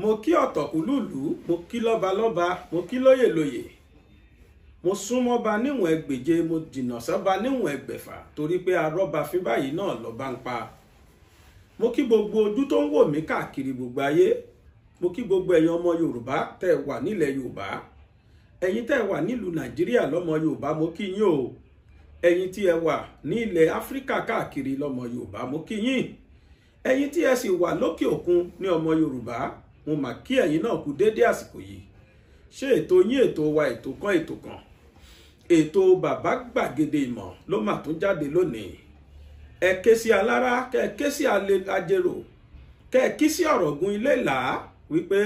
mo kí ọ̀tọ̀kùlùlù mo kí lọ́ba lọ́ba mo kí lóyè lóyè mo súnmọ́ ba níwọ̀n ẹgbèje mo jìnnà sọ́ba níwọ̀n ẹgbẹ̀fà torí pé arọ́ba fín báyìí náà lọ́ba ń pa mo kí gbogbo ojú tó ń wò mí káàkiri gbogbo ayé mo kí gbogbo ẹ̀yin ọmọ yorùbá tẹ́ ẹ wà nílẹ̀ yorùbá ẹ̀yin tẹ́ ẹ wà nílùú nàìjíríà lọ́mọ yorùbá mo kí yín o ẹ̀yin tí ẹ wà ní Áfríkà káàkiri lọ́mọ yorùbá mo kí yín ẹ̀yin tí ẹ sì wà lókè òkun ní ọmọ yorùbá mo mà kí ẹ̀yin náà kú dédé àsìkò yìí ṣé ètò yín ètò wa ètò kan ètò kan ètò bàbá gbàgede ìmọ̀ ló mà tún jáde lónìí ẹ ké sí alára kẹ ké sí ajérò kẹ kí sí ọ̀rọ̀ gun ilé là á wípé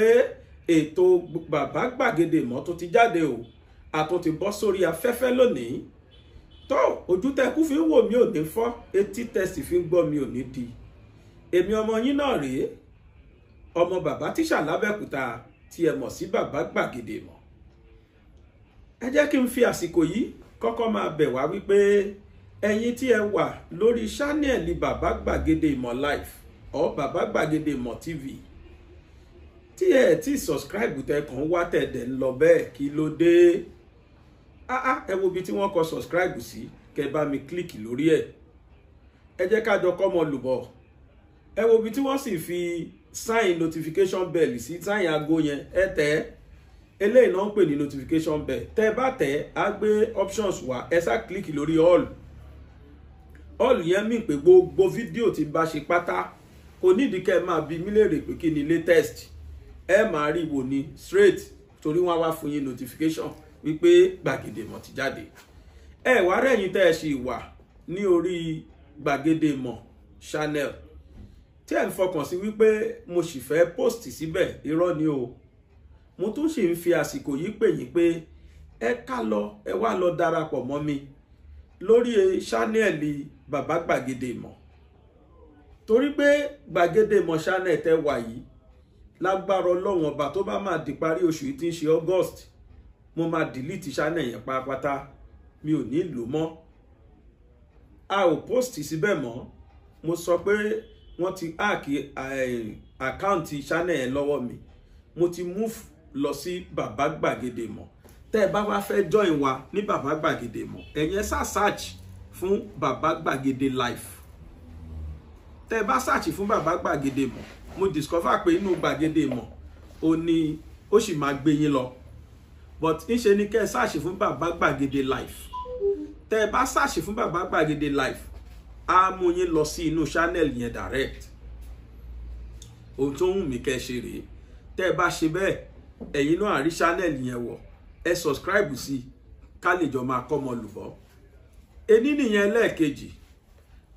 ètò bàbá gbàgede ìmọ̀ tó ti jáde o àtún ti bọ́ sórí afẹ́fẹ́ lónìí tó ojú tẹkú fi ń wò mí ò ní fọ́ etí tẹsí fi ń gbọ́ mi ò ní di èmi ọmọ yín náà rèé ọmọ bàbá tíṣà lábẹ́òkúta tí ẹ mọ̀ sí bàbá gbàgede mọ̀ ẹ jẹ́ kí n fi àsìkò yìí kọ́kọ́ máa bẹ̀ wá wípé ẹ̀yin tí ẹ wà lórí ṣánẹ́ẹ̀lì bàbá gbàgede ìmọ̀ live or bàbá gbàgede ìmọ̀ tv tí ẹ ti subscribe tẹ kàn wá tẹ̀dẹ̀ ń lọ bẹ́ẹ̀ kí ló dé áá ẹ wo ibi tí wọ́n kọ subscribe sí kẹ bá mi kílíkì lórí ẹ̀ ẹ jẹ́ ká jọ kọ́ mọ lùbọ̀ ẹ wo ibi tí wọ́n sì fi sign notification bell sí sign aago yẹn ẹ tẹ̀ ẹ́ eléyìí náà ń pè ní notification bell tẹ́ ẹ bá tẹ̀ á gbé options wá ẹ sá kílíkì lórí all all yẹn mí pé gbogbo fídíò tí bá ṣe pátá kò nídìí kẹ́ ẹ máa bi mí léèrè pé kí ni latest ẹ máa rí wò ni straight torí wọ́n á wá fún yín notification wípé gbàgede mọ̀ ti jáde ẹ wá rẹ̀yìn tẹ́ ẹ ṣì wà ní orí gbàgede mọ̀ channel tí ẹ̀ ń fọkàn sí wípé mo sì fẹ́ post síbẹ̀ irọ́ ni o mo tún sì ń fi àsìkò yìí pè yín pé ẹ ká lọ ẹ wá lọ darapọ̀ mọ́ mi lórí ṣánẹ́ẹ̀lì bàbá gbàgede ìmọ̀ torí pé gbàgede ìmọ̀ ṣánẹ́ẹ̀ tẹ́ wà yìí lágbára ọlọ́run ọba tó bá máa di parí oṣù yìí tí ń ṣe august mo máa dìlítì ṣánẹ́ẹ̀ yẹn pátápátá mi ò ní lò mọ́ a ò post síbẹ̀ mọ́ mo sọ pé wọ́n ti háàkì àkáǹtì eh, channel yẹn lọ́wọ́ mi mo ti move lọ sí bàbá gbàgede mọ̀ tẹ́ ẹ bá wá fẹ́ join wa ní bàbá gbàgede mọ̀ ẹ̀yẹn sá search fún bàbá gbàgede life tẹ́ ẹ bá search fún bàbá gbàgede mọ̀ mo discover pé inú gbàgede mọ̀ ó ní ó sì máa gbé yín lọ but ńṣe ni kẹ́ ẹ search fún bàbá gbàgede life tẹ́ ẹ bá search fún bàbá gbàgede life á mú yín lọ sí inú channel yẹn direct ohun tó wù mí kẹ́ ṣe rèé tẹ́ ẹ bá ṣe bẹ́ẹ̀ ẹ̀yin náà àrí channel yẹn wọ̀ ẹ subscribe sí i ká lè jọ máa kọ́mọ lùbọ́ ení nìyẹn lẹ́ẹ̀kejì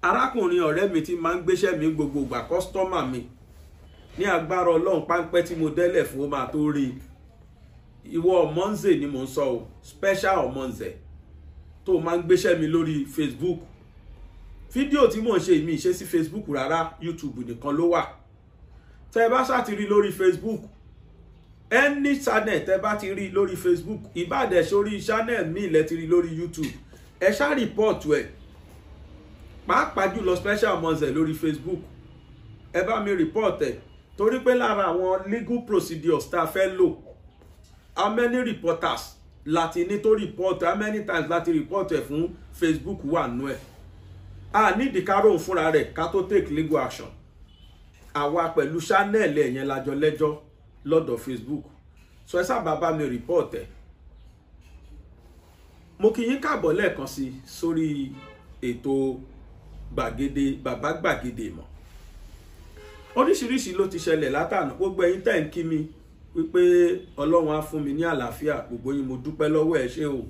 arákùnrin ọ̀rẹ́ mi ti máa ń gbéṣẹ́ mi gbogbo ìgbà kọ́sítọ́mà mi ní agbára ọlọ́run páńpẹ́ tí mo dẹ́lẹ̀ fún ó máa tó rí i ìwọ ọmọnze ni mò ń sọ o special ọmọnze tó máa ń gbéṣẹ́ mi lórí Facebook fídíò tí mò ń ṣe ìmí ìṣe sí facebook rárá youtube nìkan ló wà tẹ bá ṣàtìrí lórí facebook any channel tẹ bá ti rí lórí facebook ìbàdàn sórí channel míì lẹ ti rí lórí youtube ẹ ṣá rìpọ́ọ̀tù ẹ̀ pàápàá jùlọ special mọ̀ọ́sẹ̀ lórí facebook ẹ bá mi rìpọ́ọ̀tù ẹ̀ torí pé lára àwọn legal procedures tá a fẹ́ lò how many reporters láti ní tó rìpọ́ọ̀tù how many times láti rìpọ́ọ̀tù ẹ̀ fún facebook wà nú ẹ̀ a nídìí ká róhùn fúnra rẹ̀ ká tó take legal action àwa pẹ̀lú channel ẹ̀yẹn lájọ lẹ́jọ́ lọ́dọ̀ Facebook so ẹ sábà bá mi report ẹ̀ mo kí yín káàbọ̀ lẹ́ẹ̀kan sí sórí ètò gbàgede bàbá gbàgede ìmọ̀ oríṣiríṣi ló ti ṣẹlẹ̀ látànà gbogbo ẹ̀yin tẹ́ ń kí mi wípé ọlọ́run á fún mi ní àlàáfíà gbogbo yín mo dúpẹ́ lọ́wọ́ ẹ ṣé o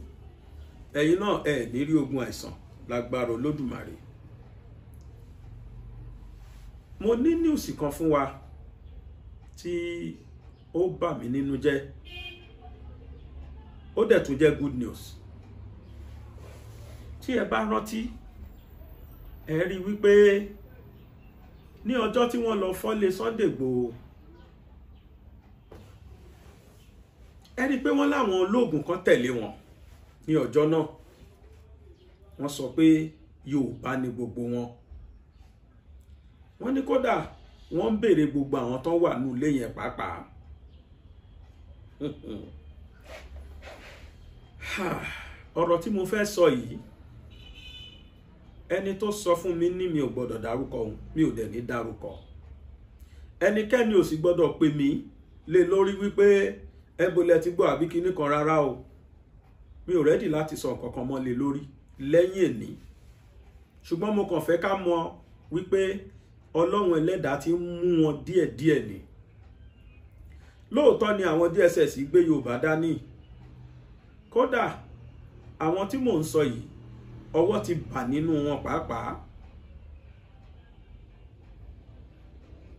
ẹ̀yin náà ẹ̀ ní rí ogun àìsàn lágbára olódùmarè mo ní níùsì kan fún wa tí ó bà mí nínú jẹ́ ó dẹ̀ tún jẹ́ good news tí ẹ bá rántí ẹ rí i wípé ní ọjọ́ tí wọ́n lọ fọ́lé Sunday Igboho ẹ rí i pé wọ́n láwọn olóògùn kan tẹ̀lé wọn ní ọjọ́ náà wọ́n sọ pé Yorùbá ni gbogbo wọn wọ́n ní kódà wọ́n ń béèrè gbogbo àwọn tó wà ní ilé yẹn pàápàá ọ̀rọ̀ tí mo fẹ́ sọ yìí ẹni tó sọ fún mi ní mi ò gbọ́dọ̀ dárúkọ òun mi ò dẹ̀ ní dárúkọ ẹnikẹ́ni ò sì gbọ́dọ̀ pè mí lé lórí wípé ẹbùlẹ̀ ti gbọ́ àbí kíní kan rárá o mi ò rẹ́dì láti sọ nǹkan kan mọ́ lé lórí lẹ́yìn èní ṣùgbọ́n mo kàn fẹ́ ká mọ̀ wípé ọlọ́run ẹlẹ́dàá ti ń mú wọn díẹ̀díẹ̀ ni lóòótọ́ ni àwọn DSS gbé Yorùbá dání kódà àwọn tí mò ń sọ yìí ọwọ́ ti bà nínú wọn pàápàá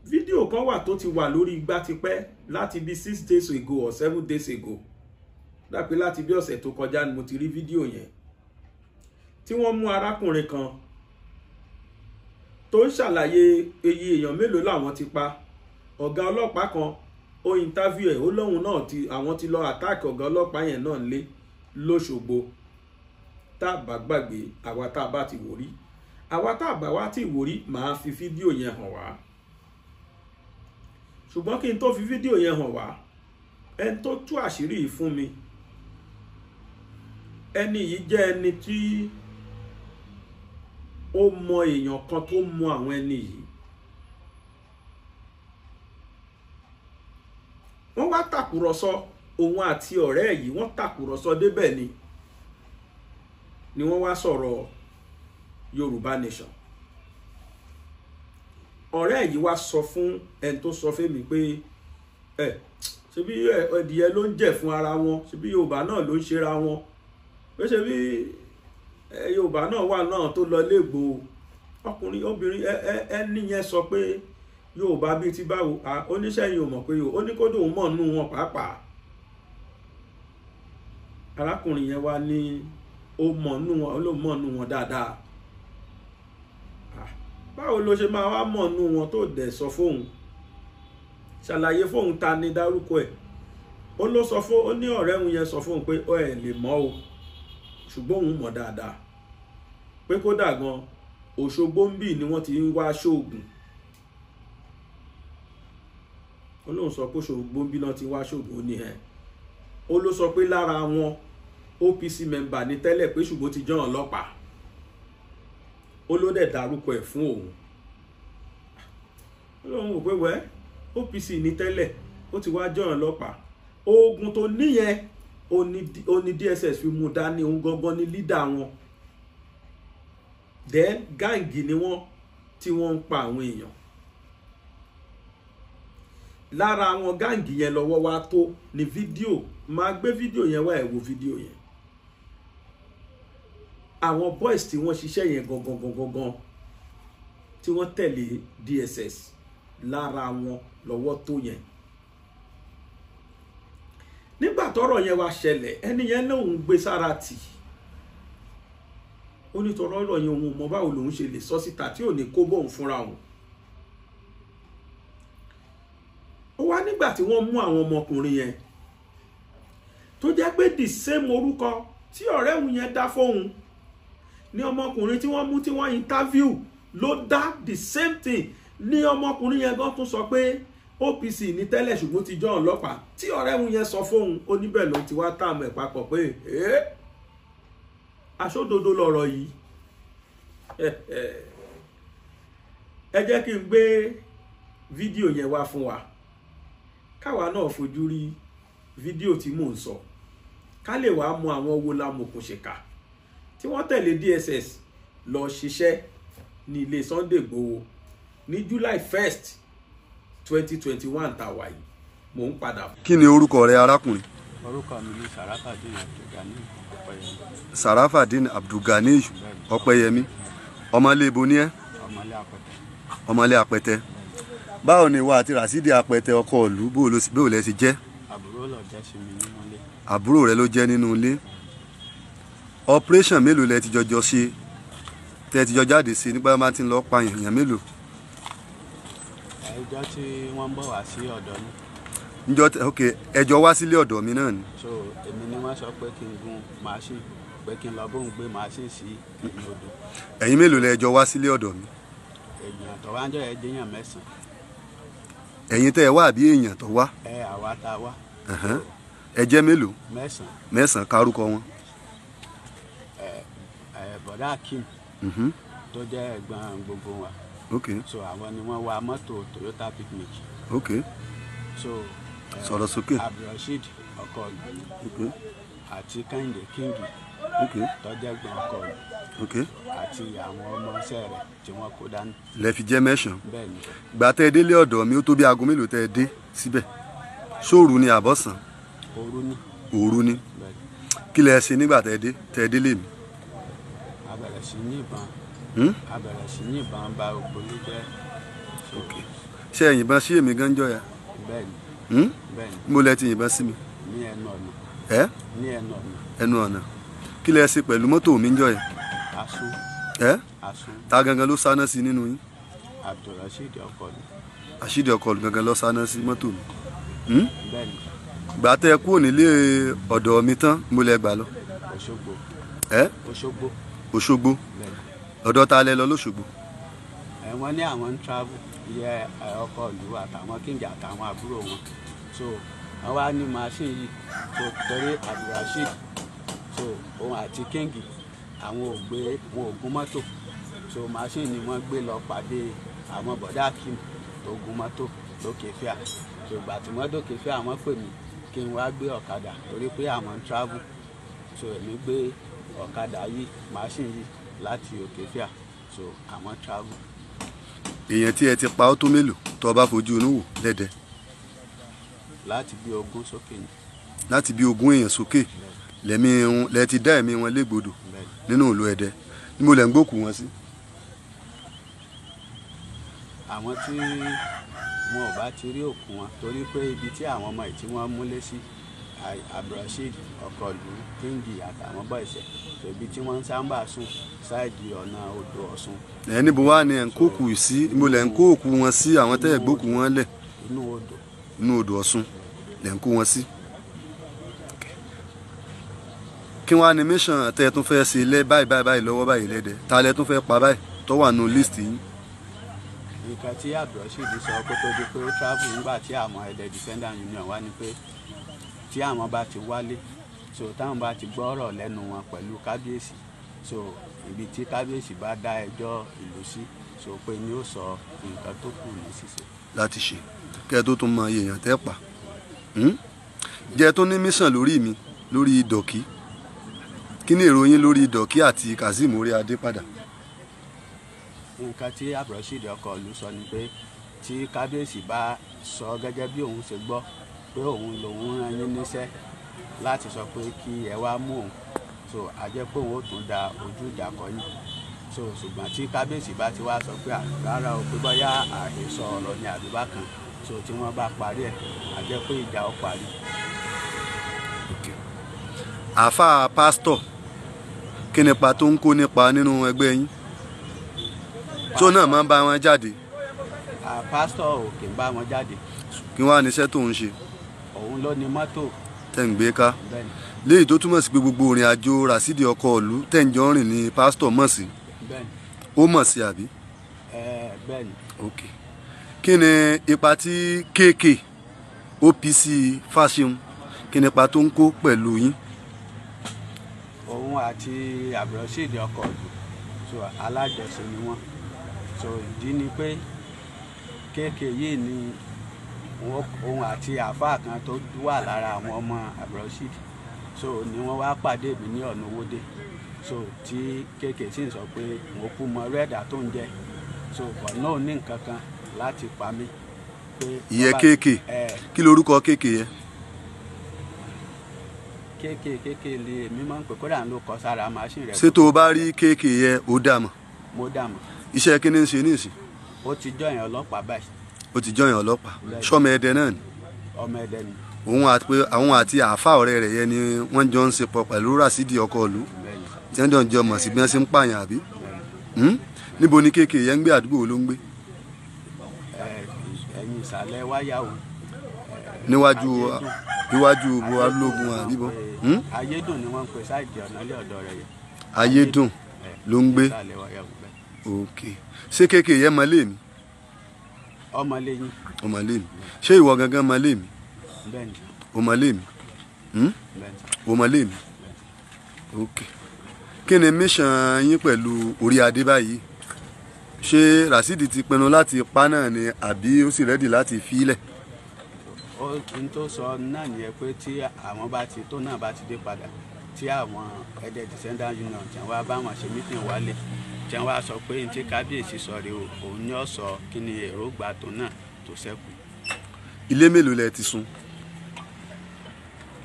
fídíò kan wà tó ti wà lórí igbá tipẹ́ láti bí six days ago or seven days ago dápẹ́ láti bí ọ̀sẹ̀ tó kọjá ni mo ti rí fídíò yẹn tí wọ́n mú arákùnrin kan tó ń ṣàlàyé iye èèyàn mélòó làwọn ti pa ọ̀gá ọlọ́pàá kan ó interview ẹ̀ ó lóun náà ti àwọn ti lọ àtáàkì ọ̀gá ọlọ́pàá yẹn náà lé lóṣogbo tá a bá gbàgbé àwa tá a bá ti wò rí àwa tá a bá wá ti wò rí màá fi fídíò yẹn hàn wá ṣùgbọ́n kí n tó fi fídíò yẹn hàn wá ẹni tó tú àṣírí fún mi ẹni yìí jẹ́ ẹni tí. Tí ó mọ èèyàn kan tó mọ àwọn ẹni yìí wọ́n wá tàkùrọ̀sọ òun àti ọ̀rẹ́ yìí wọ́n tàkùrọ̀sọ débẹ̀ ni ni wọ́n wá sọ̀rọ̀ Yorùbá Nation ọ̀rẹ́ yìí wá sọ fún ẹni tó sọ fún mi pé ẹ ṣebí ẹdìyẹ ló ń jẹ fún ara wọn ṣebí Yorùbá náà ló ń ṣera wọn pé ṣebí yorùbá náà wà náà tó lọ léègbò ọkùnrin obìnrin ẹni yẹn sọ pé yorùbá bíi ti báwo oníṣẹ́ yìí ò mọ̀ pé yòó ó ní kó dòun mọ̀ nù wọn pàápàá arákùnrin yẹn wá ní o mọ̀ nù wọn ó ló mọ̀ nù wọn dáadáa báwo ló ṣe máa wá mọ̀ nù wọn tó dẹ̀ sọ fóun ṣàlàyé fóun ta ni dárúkọ ẹ̀ ó ló sọ fún ó ní ọ̀rẹ́ òun yẹn sọ fóun pé ó ẹ̀ lè mọ̀ o ṣùgbọ́n òun mọ̀ dáadáa pé kódà gan Òṣogbo ń bì ni wọ́n ti ń wá ṣoògùn ó lóun sọ pé Òṣogbo ń bì náà ti wá ṣoògùn ó ní ẹ ó ló sọ pé lára wọn OPC mẹ́mbà ní tẹ́lẹ̀ pé ṣùgbọ́n ti jọ́ ọlọ́pàá ó ló dẹ̀ dárúkọ ẹ̀ fún òun ó lóun wẹ́ OPC ní tẹ́lẹ̀ ó ti wá jọ́ ọlọ́pàá oògùn tó níyẹn ó DSS fi mú dání òun gangan ní lídà wọn then gáǹgì ni wọ́n tí wọ́n ń pa àwọn èèyàn lára àwọn gáǹgì yẹn lọ́wọ́ wa tó ní fídíò máa gbé fídíò yẹn wá ẹ wo fídíò yẹn àwọn boys tí wọ́n ṣiṣẹ́ yẹn gangan gangan gan tí wọ́n tẹ̀lé DSS lára wọn lọ́wọ́ tó yẹn nígbà tọ́rọ̀ yẹn wá ṣẹlẹ̀ ẹni yẹn lóun gbé sára tì í ó ní tọrọ ọ̀rọ̀ yẹn òun mọ báwo lòun ṣe lè sọ síta tí ò ní kó bóun fúnra òun ó wá nígbà tí wọ́n mú àwọn ọmọkùnrin yẹn tó jẹ́ pé the same orúkọ tí ọ̀rẹ́ òun yẹn dá fóun ní ọmọkùnrin tí wọ́n mú tí wọ́n interview ló dá the same thing ní ọmọkùnrin yẹn gan tún sọ pé OPC ní tẹ́lẹ̀ ṣùgbọ́n ti jọ ọlọ́pàá tí ọ̀rẹ́ òun yẹn sọ fóun ó níbẹ̀ ló ti wá táàmù ẹ̀ papọ̀ pé ẹ́ẹ́ aṣódodo lọ̀rọ̀ yìí ẹ jẹ́ kí n gbé fídíò yẹn wá fún wa káwa náà fojú rí fídíò tí mò ń sọ ká lè wàá mọ àwọn wo la mọ̀kùnṣèkà tí wọ́n tẹ̀lé DSS lọ ṣiṣẹ́ ní ilé Sunday Igboho ní July 1st 2021 tá a wà yìí mò ń padà. kí ni orúkọ rẹ arákùnrin. orúkọ mi ni sàràkàdé àtẹ̀gánì sarafadin abdulganiyu ọpẹyẹmí ọmọlé ibo ni ẹ ọmọlé apẹtẹ báwo ni ìwà àti rasidi apẹtẹ ọkọ ìlú bó lẹ ti jẹ àbúrò rẹ ló jẹ nínú ilé operation mélòó lẹ ti jọjọ ṣe tẹ ti jọ jáde sí nígbà máa ti lọ pa èèyàn mélòó. ẹjọ́ tí wọ́n ń bọ̀ wá sí ọ̀dọ́ ni njọ ok ẹjọ wá sílé ọ̀dọ̀ mi náà ni. so èmi ni wọ́n sọ pé kí n gun màṣín pé kí n lọ bóun gbé màṣín sí ẹ̀yìn odò. ẹ̀yin mélòó lẹ ẹjọ wá sílé ọ̀dọ̀ mi. èèyàn tó wá ń jọ ẹ jẹyàn mẹ́sàn. ẹ̀yin tẹ́ ẹ wá àbí èèyàn tó wá. ẹ àwa tá a wá. ẹ jẹ́ mélòó. mẹ́sàn. mẹ́sàn kárúkọ wọn. ẹ ẹ bọ̀dá akim. Mhm. tó jẹ́ ẹ̀gbọ́n gbogbo wa. ok so àwọn ni wọ́n wa mọ́tò Toyota picnic. ok so sọ̀rọ̀ sókè abdulrasheed ọkọlù àti kẹ́hìndé kíngì tọ́jẹ́ gbọ́n ọkọlù àti àwọn ọmọọṣẹ́ rẹ̀ tí wọ́n kó dání. lẹ fi jẹ mẹsàn. bẹ́ẹ̀ni. gbà tẹ délé ọ̀dọ̀ mi ó tó bí aago mélòó tẹ dé síbẹ̀ sóòru ni àbọ̀sán. òru ni. òru ni. kí lẹ ṣe nígbà tẹ dé tẹ délé mi. a sí ní ìbọn. Hmm? a sí ní ìbọn bá ògbólógbé. ṣé ẹ̀yìnbọn sí èmi gan jọ ya. bẹ́ẹ̀ni Hmm? mo lẹ ti yìnbọn sí mi. ẹ. ẹnu ọ̀nà. kí lẹ ṣe pẹ̀lú mọ́tò mi ta gangan ló sáná sí nínú yín. Abdulrasheed gangan sáná sí mi. Hmm? kúrò nílé ọ̀dọ̀ mi tán mo lẹ ta lẹ lọ ti yẹ ọkọ ìlú àtàwọn kíngì àtàwọn àbúrò wọn so àwọn wá ní machine yìí so torí abdulrasheed so òun àti kíngì àwọn ò gbé wọn ò mọ́tò so machine ni wọ́n gbé lọ pàdé àwọn bọ̀dá kim tó gún mọ́tò lókè fíà so ìgbà tí wọ́n dókè fíà wọ́n pè mí kí n wá gbé ọ̀kadà torí pé àwọn ń travel so èmi gbé ọ̀kadà yìí machine yìí láti òkè fíà so àwọn travel èèyàn tí ẹ ti pa ọ́ tó mélòó tó o bá fojú inú wò lẹ́dẹ. láti bí ogún sókè ni. láti bí ogún èèyàn sókè lẹ́mí wọn lẹ́ ti dá ẹ̀mí wọn légbodò nínú ìlú ẹ̀dẹ ni mo lẹ́ ń gbókù wọn sí. àwọn tí wọn ò bá ti rí òkú wọn torí pé ibi tí àwọn ọmọ ìtí wọn múlé sí. Si abdulrasheed ọkọlù kíngì àtàwọn bọ́ìsẹ̀ tòbí tí wọ́n ń sábà sùn ṣáàjì ọ̀nà odò ọ̀ṣun. ẹ níbo wá ni ẹ ń kó òkú sí mo lẹ ń kó òkú wọn sí àwọn tẹ́ ẹ gbókú wọn lẹ̀. inú odò. inú odò ọ̀ṣun lẹ ń kó wọn sí. kí wọ́n á ní mission tẹ́ ẹ tún fẹ́ ṣe ilé báyìí báyìí báyìí lọ́wọ́ báyìí lẹ́dẹ̀ ta lẹ tún fẹ́ pa báyìí tó wà nù list yìí. nǹkan tí abdulrasheed sọ kó tó di pé ó travel nígbà tí àwọn ẹ̀dẹ̀ defender union wá ní pé tí àwọn bá ti wálé so táwọn bá ti gbọ́rọ̀ lẹ́nu wọn pẹ̀lú kábíyèsí so ibi tí kábíyèsí bá dá ẹjọ́ ìlú sí so pé ni ó sọ nǹkan tó kù ní ṣíṣe. láti ṣe kẹ́ ẹ tó tún mọ èèyàn tẹ́ pa hmm? jẹ́ tó ní mísàn lórí mi lórí dọ̀kí kí ni ìròyìn lórí dọ̀kí àti kazeem orí adé padà. nǹkan tí àbúrò ṣèdè ọkọ ìlú sọ ni pé tí kábíyèsí bá sọ gẹ́gẹ́ bí òun ṣe gbọ́ pé òun lòun rán yín níṣẹ́ láti sọ pé kí ẹ wá mú òun so àjẹpòwò tó da ojú ìjà kọ yín so ṣùgbọ́n tí kábíyèsí bá ti wá sọ pé rárá o pé bóyá àhesọ ọ̀rọ̀ ni àbí bákan so tí wọ́n bá parí ẹ̀ àjẹpò ìjà ó parí. àáfà pásítọ̀ kí nípa tó ń kó nípa nínú ẹgbẹ́ yín tó náà máa ń bá wọn jáde. pásítọ̀ ò kì í bá wọn jáde. kí wọ́n á níṣẹ́ tó ń ṣe òun ló ní mọ́tò. tẹ́ ń gbé ká léyìí tó túmọ̀ sí pé gbogbo òrìn àjò rasidi ọkọ ìlú tẹ́ ń jọ rìn ní pásítọ̀ mọ̀ sí ó mọ̀ sí àbí. ok kí ni ipa tí KK OPC Fáṣẹ̀hùn kí ni ipa tó ń kó pẹ̀lú yín. òun àti àbúrọ̀ṣèdè ọkọ ìlú so alájọsọ ni wọn so ìdí ni pé KK yìí ni òun àti àáfàá kan tó wà lára àwọn ọmọ abrosid so ni wọ́n wá pàdé mi ní ọ̀nà owóde so tí kéèké sì ń sọ pé mo kú mọ rẹ́ẹ̀dà tó ń jẹ so but náà ní nǹkan kan láti pa mí. ìyẹn kéèké kí lorúkọ kéèké yẹn. kéèké kéèké lè mí máa ń pè kódà ń lo kọ sára machine rẹ. ṣé tó o bá rí kéèké yẹn ó dà mọ́. mo dà mọ́. iṣẹ́ kí ni ń ṣe nísìn. ó ti jọyàn ọlọ́pàá báyìí ó ti jọyàn ọlọ́pàá sọmọ ẹdẹ náà ni ọmọ ẹdẹ ni òun àti pé àwọn àti àáfàá ọ̀rẹ́ rẹ̀ yẹn ni wọ́n jọ ń ṣepọ̀ pẹ̀lú Rasidi ọkọ ìlú tí wọ́n jọ ń jọ mọ̀ sí bí wọ́n ṣe ń pààyàn àbí hmm? níbo ni kéèké yẹn ń gbé àdúgbò wo ló ń gbé. ẹ̀yin ìsàlẹ̀ wáyà o. níwájú níwájú bo alógun àbíbọ. Hmm? ayédùn ni wọ́n ń pè sáìdì ọ̀nà ilé ọ̀dọ́ rẹ̀ yẹn. ayédùn ló ń gbé ok ṣé kéèké yẹn mọ lé mi ọmọlé yín. ọmọlé mi ṣé ìwọ gangan ọmọlé mi. bẹ́ẹ̀ni. ọmọlé mi. Hmm? bẹ́ẹ̀ni. ọmọlé mi. ok kí ni mission yín pẹ̀lú orí adé báyìí ṣé rasidi ti pinnu láti pa náà ni àbí ó sì rẹ́dì láti fílẹ̀ ohun tó sọ náà nìyẹn pé tí àwọn bá ti tó náà bá ti dé padà tí àwọn ẹ̀dẹ̀ descendant union tí wọ́n bá wọn ṣe mítìn wálé tí wọ́n wá sọ pé ní tí kábíyèsí sọ rèé o òun ni ó sọ kí ni èròǹgbà tó náà tó ṣẹ́kù. ilé mélòó lẹ ti sùn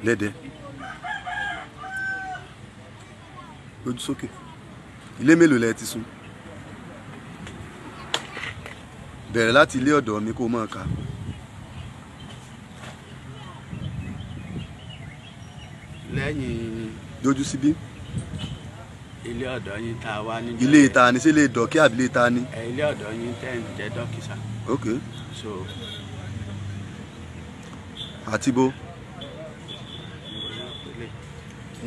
lẹ́dẹ̀ lójú sókè ilé mélòó lẹ ti sùn bẹ̀rẹ̀ láti ilé ọ̀dọ̀ mi kó máa kà á. lẹ́yìn. dojú síbí ilé ọ̀dọ́ yín tá a wá níjọ́ ilé ìta ni sí ilé ìdọ̀kí àbí ilé ìta ni. ilé ọ̀dọ́ yín tẹ́ ń jẹ́ dọ́kítà. ok. so. àti bo.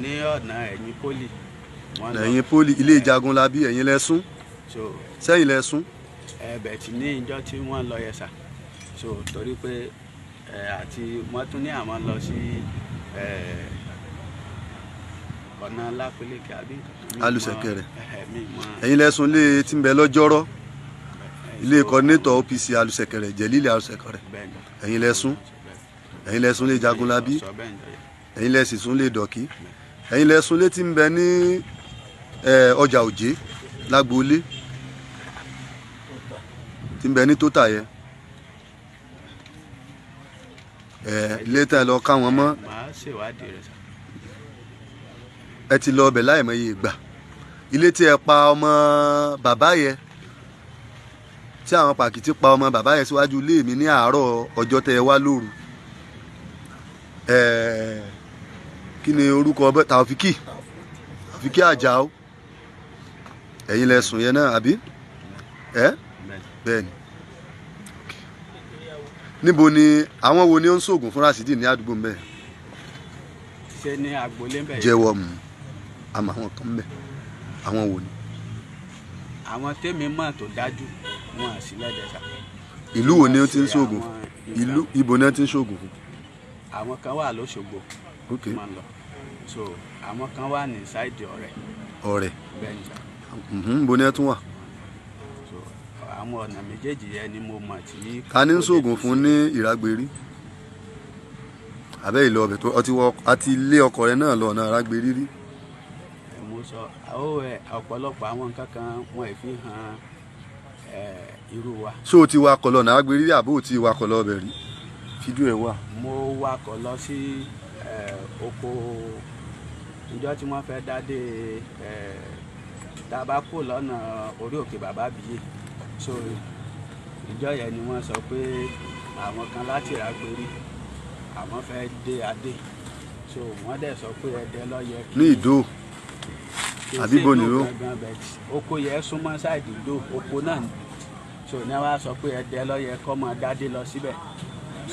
ní ọ̀nà ẹ̀yìn poli. ẹ̀yìn poli ilé ìjagun la bí ẹ̀yìn lẹ́sùn. so sẹ́yìn lẹ́sùn. ẹ̀bẹ̀ tí ní ìjọ tí wọ́n lọ yẹ sà so torí pé àti wọ́n tún ní àwọn lọ sí ọ̀nà lápẹ́lẹ́kẹ́ àbí nǹkan alùsẹ̀kẹ̀rẹ̀ ẹ̀yin lẹ́sùn ilé tí ń bẹ lọ́jọ́rọ́ ilé kọ́nẹ́tọ̀ OPC alùsẹ̀kẹ̀rẹ̀ jẹ̀lílì alùsẹ̀kẹ̀rẹ̀ ẹ̀yin lẹ́sùn ẹ̀yin lẹ́sùn ilé jagunlabi ẹ̀yin lẹ́sìn sún ilé dọ̀kí ẹ̀yin lẹ́sùn ilé tí ń bẹ ní ọjà òjé lágboolé tí ń bẹ ní tóta yẹn ilé tẹ̀ lọ ká mọ́ ẹ ti lọ ọbẹ̀ láìmọye ìgbà ilé tí ẹ pa ọmọ bàbá yẹn tí àwọn pàkìtì pa ọmọ bàbá yẹn síwájú ilé mi ní àárọ̀ ọjọ́ tẹ ẹ wá lóru kí ni orúkọ ọbẹ̀ tàfíkì tàfíkì àjàó ẹ̀yin lẹ sùn yẹn náà àbí ẹ bẹ́ẹ̀ ni níbo ni àwọn wo ni ó ń ṣoògùn fún Rasidi ní àdúgbò mbẹ. ṣe ni agboolé àmọ́ àwọn kan bẹ àwọn wò ni. àwọn tèmi mọ̀ tó dájú wọn à sí lẹ́dẹ̀ẹ́sà. ìlú wo ni ó ti ń ṣoògùn ìlú ibo ni ó ti ń ṣoògùn fún. àwọn kan wà lọ́sọ̀gbò tó máa ń lọ so àwọn kan wà ní ṣáìdì ọ̀rẹ́. ọ̀rẹ́ mhm, ibo ni ẹ tún wà. àwọn ọ̀nà méjèèjì yẹn ni mo mọ̀ tí. ta ni ń ṣoògùn fún ní ìrágbérí abẹ́ ìlọ ọbẹ̀ tó ọtí lé ọkọ rẹ náà lọ ọ̀nà àrágbé rírí ó ẹ ọ̀pọ̀lọpọ̀ àwọn nǹkan kan wọn fi hàn irú wa. ṣé o ti wakọ̀ lọ nàágbérí àbó o ti wakọ̀ lọ ọbẹ̀ rí fídíò ẹ̀ wà. mo wakọ̀ lọ sí oko ìjọ tí wọ́n fẹ́ dádé tabako lọ́nà orí òkè bàbá bíyè so ìjọ yẹn ni wọ́n sọ pé àwọn kan láti ràgbérí àwọn fẹ́ dé adé so wọ́n dẹ̀ sọ pé ẹdẹ ló yẹ kí. ní ìdó àbíbo nìró. oko yẹn súnmọ́ ṣáàdì ìdó oko náà ni so ní wàá sọ pé ẹdẹ lọ́yẹ kọ́ mọ dádé lọ síbẹ̀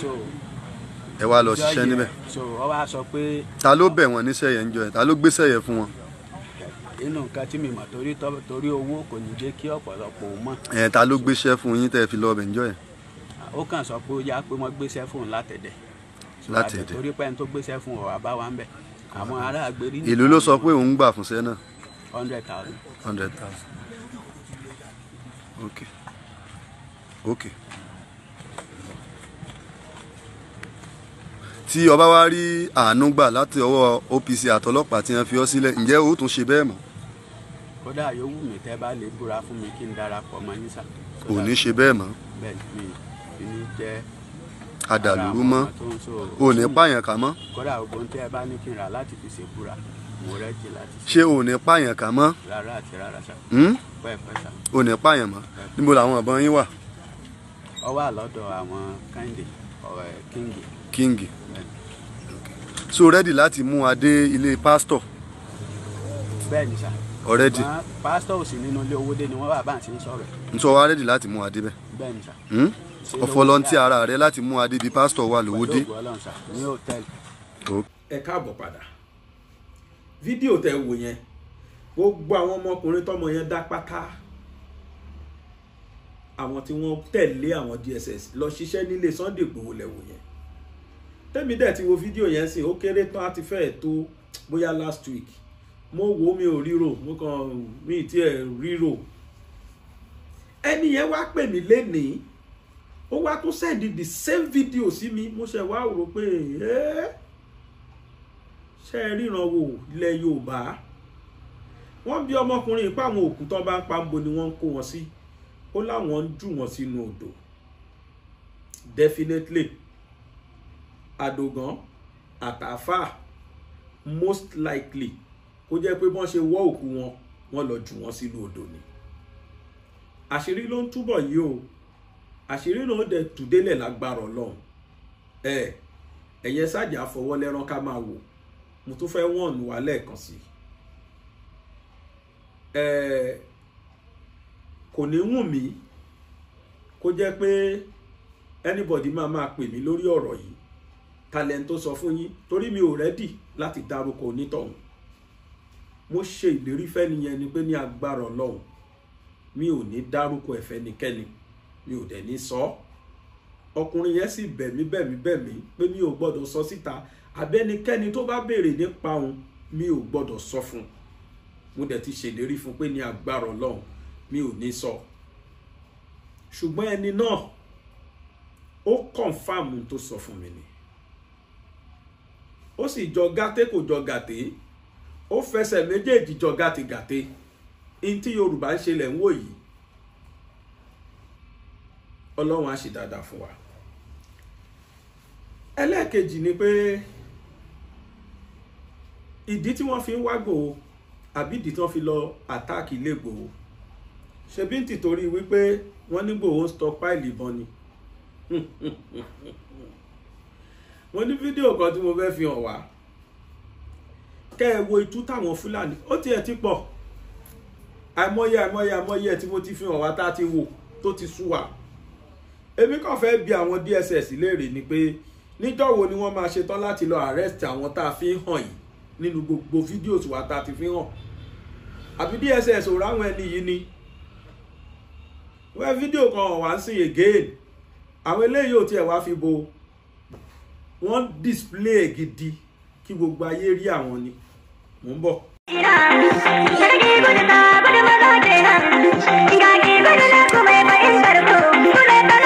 so. ẹ wá lọ ṣiṣẹ́ níbẹ̀. so ọ wá sọ pé. ta ló bẹ̀ wọ́n níṣẹ́ yẹn ń jọ ẹ̀ ta ló gbéṣẹ́ yẹn fún wọn. inú nǹkan tí mi mọ̀ torí torí owó kò ní jẹ́ kí ọ̀pọ̀lọpọ̀ mọ̀. ẹ ta ló gbéṣẹ́ fún yín tẹ́ fi lọ bẹ̀ ń jọ ẹ̀. ó kàn sọ pé ó yá pé wọ́n gbéṣẹ́ fún un látẹ̀dẹ̀. látẹ̀dẹ̀ torí pé ẹni tó gbéṣẹ́ fún ọ̀rọ̀ àbáwá ń bẹ̀ àwọn ará àgbèrí. ìlú ló sọ pé òun gbà fúnṣẹ́ náà hundred thousand. hundred thousand okay okay tí ọba wa rí àánú gbà láti ọwọ́ OPC àtọlọ́pàá tí wọ́n fi ọ́ sílẹ̀ ǹjẹ́ o tún ṣe bẹ́ẹ̀ mọ́. kódà yóò wù mí tẹ́ bá lè búra fún mi kí n darapọ̀ mọ́ yín sá. kò ní ṣe bẹ́ẹ̀ mọ́. bẹ́ẹ̀ mi ìní jẹ́ àdàlúrú mọ́ ò ní pààyàn kà mọ́. kódà ògbóǹtẹ́ bá ní kí n rà láti fi ṣèbúra ṣé o ò ní pààyàn kà mọ́ hmm? o ní pààyàn mọ́ níbo làwọn ọ̀bọ̀n yín wà. ó wà lọ́dọ̀ àwọn kẹ́hìndé kíngì. kíngì so ready láti mú wa dé ilé pásítọ̀. bẹ́ẹ̀ ni sà. already. pásítọ̀ ò sí nínú ilé owóde ni wọ́n wà bá àti ń sọ̀rọ̀. n sọ wa ready láti mú wa débẹ̀. bẹ́ẹ̀ ni sà. ọ̀fọlọ́ntì hmm? ara rẹ láti mú wa débi pásítọ̀ wa lówóde. pẹ̀lú ògbọ́n ọlọ́run sà ní hòtẹ́ẹ̀lì. ẹ káàbọ̀ padà fídíò tẹ wò yẹn gbogbo àwọn ọmọkùnrin tọmọ yẹn dá pátá àwọn tí wọ́n tẹ̀lé àwọn DSS lọ ṣiṣẹ́ nílé Sunday Igboho lẹ́wọ̀ yẹn tẹ́mi dẹ̀ ti wo fídíò yẹn sìn ó kéré tán á ti fẹ́ẹ̀ tó bóyá last week mo wo mi ò ríro mo kàn mí tí ẹ̀ ríro ẹni yẹn wá pè mí lénìí ó wá tún sẹ́ẹ̀dì the same video sí mi mo ṣe wá rò pé ẹ́ẹ́ ṣe é ríran wò ilẹ̀ Yorùbá wọ́n bí ọmọkùnrin ìpá àwọn òkú tó bá ń pa ńbo ni wọ́n ń kó wọn sí ó láwọn ń jù wọ́n sínú odò definitely àdògán àtàfà most likely kó jẹ́ pé wọ́n ṣe wọ́ òkú wọn wọ́n lọ jù wọ́n sínú odò ni àṣírí ló ń túbọ̀ yìí o àṣírí ló ń dẹ tùdélẹ̀ lágbára ọlọ́run ẹ ẹ̀yẹ sájà fọwọ́ lẹ́rán ká máa wò mo tún fẹ́ wọ̀n wá lẹ́ẹ̀kan sí ẹ kò ní wù mí kó jẹ́ pé anybody máa máa pè mí lórí ọ̀rọ̀ yìí talent tó sọ fún yín torí mi ò rẹ́dì láti dárúkọ onítọ̀hún mo ṣe ìlérí fẹ́niyẹn ni pé ní agbára ọlọ́run mi ò ní dárúkọ ẹ̀fẹ́nikẹ́ni mi ò dẹ̀ ní sọ ọ́ ọkùnrin yẹn sì bẹ̀mí bẹ̀mí bẹ̀mí pé mi ò gbọ́dọ̀ sọ síta àbẹ́nikẹ́ni tó bá béèrè nípa òun mi ò gbọ́dọ̀ sọ fún un mo dẹ̀ ti ṣèlérí fún pé ní agbára ọlọ́run mi ò ní sọ ṣùgbọ́n ẹni náà ó kọ̀ǹfàmù tó sọ fún mi ni ó sì jọ gàté kò jọ gàté ó fẹsẹ̀ méjèèjì jọ gàté gàté ihun tí yorùbá ń ṣe lẹ̀ ń wò yìí ọlọ́run á ṣe dáadáa fún wa ẹlẹ́ẹ̀kejì ni pé. Pe ìdí tí wọ́n fi ń wá Ìgbòho àbí ìdí tí wọ́n fi lọ àtáàkì ilé Ìgbòho ṣebí ń tìtorí wípé wọ́n ní Ìgbòho ń stockpile ìbọn ni mo ní fídíò kan tí mo fẹ́ fi hàn wá kẹ́ ẹ wo itú táwọn Fúlàní ó tiẹ̀ ti pọ̀ àìmọye àìmọye àìmọye tí mo ti fi hàn wá tá a ti wò tó ti sú wa èmi kàn fẹ́ bi àwọn DSS léèrè ni pé níjọ́ wo ni wọ́n máa ṣetán láti lọ arrest àwọn tá a fi ń hàn yìí nínú gbogbo fídíòs wa tá a ti fi hàn àbí DSS ò ráwọn ẹni yìí ni wẹ́n fídíò kan wà ń sìn again àwọn eléyìí ò tiẹ̀ wá fi bo wọ́n display gidi kí gbogbo ayé rí àwọn ni mò ń bọ̀. Thank you.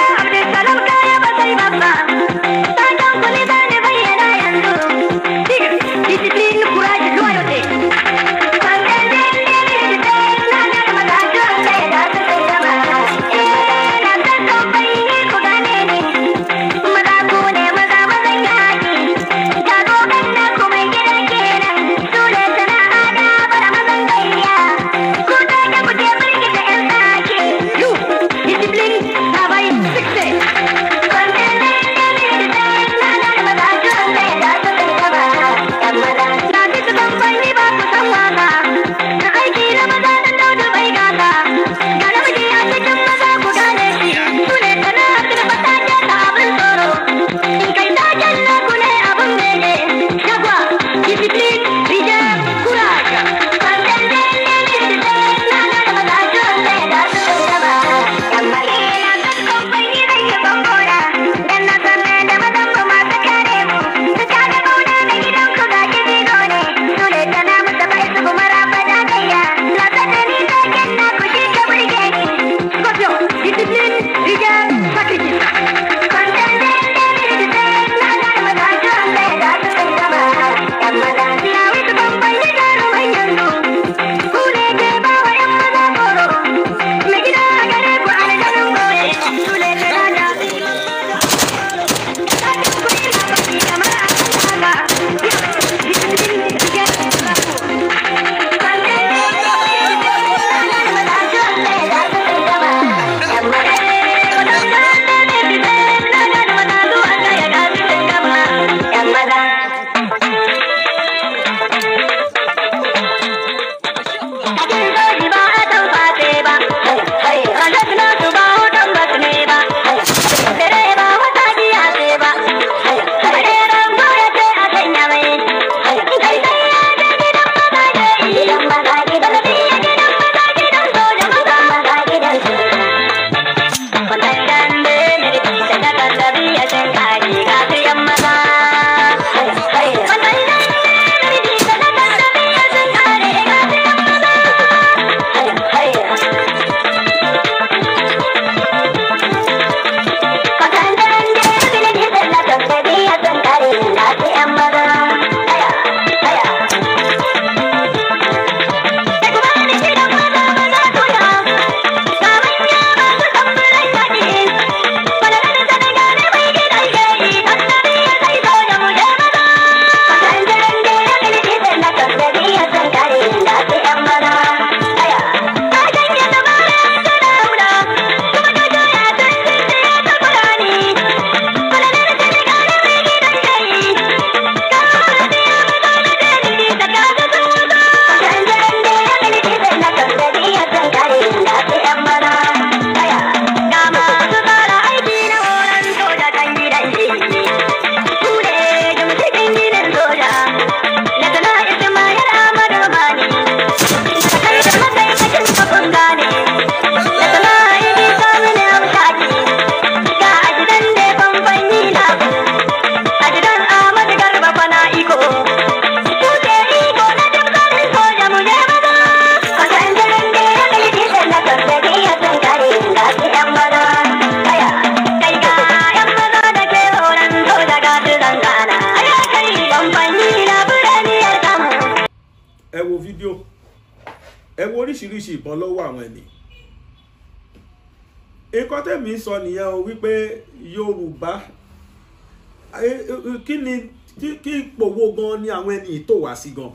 sí gan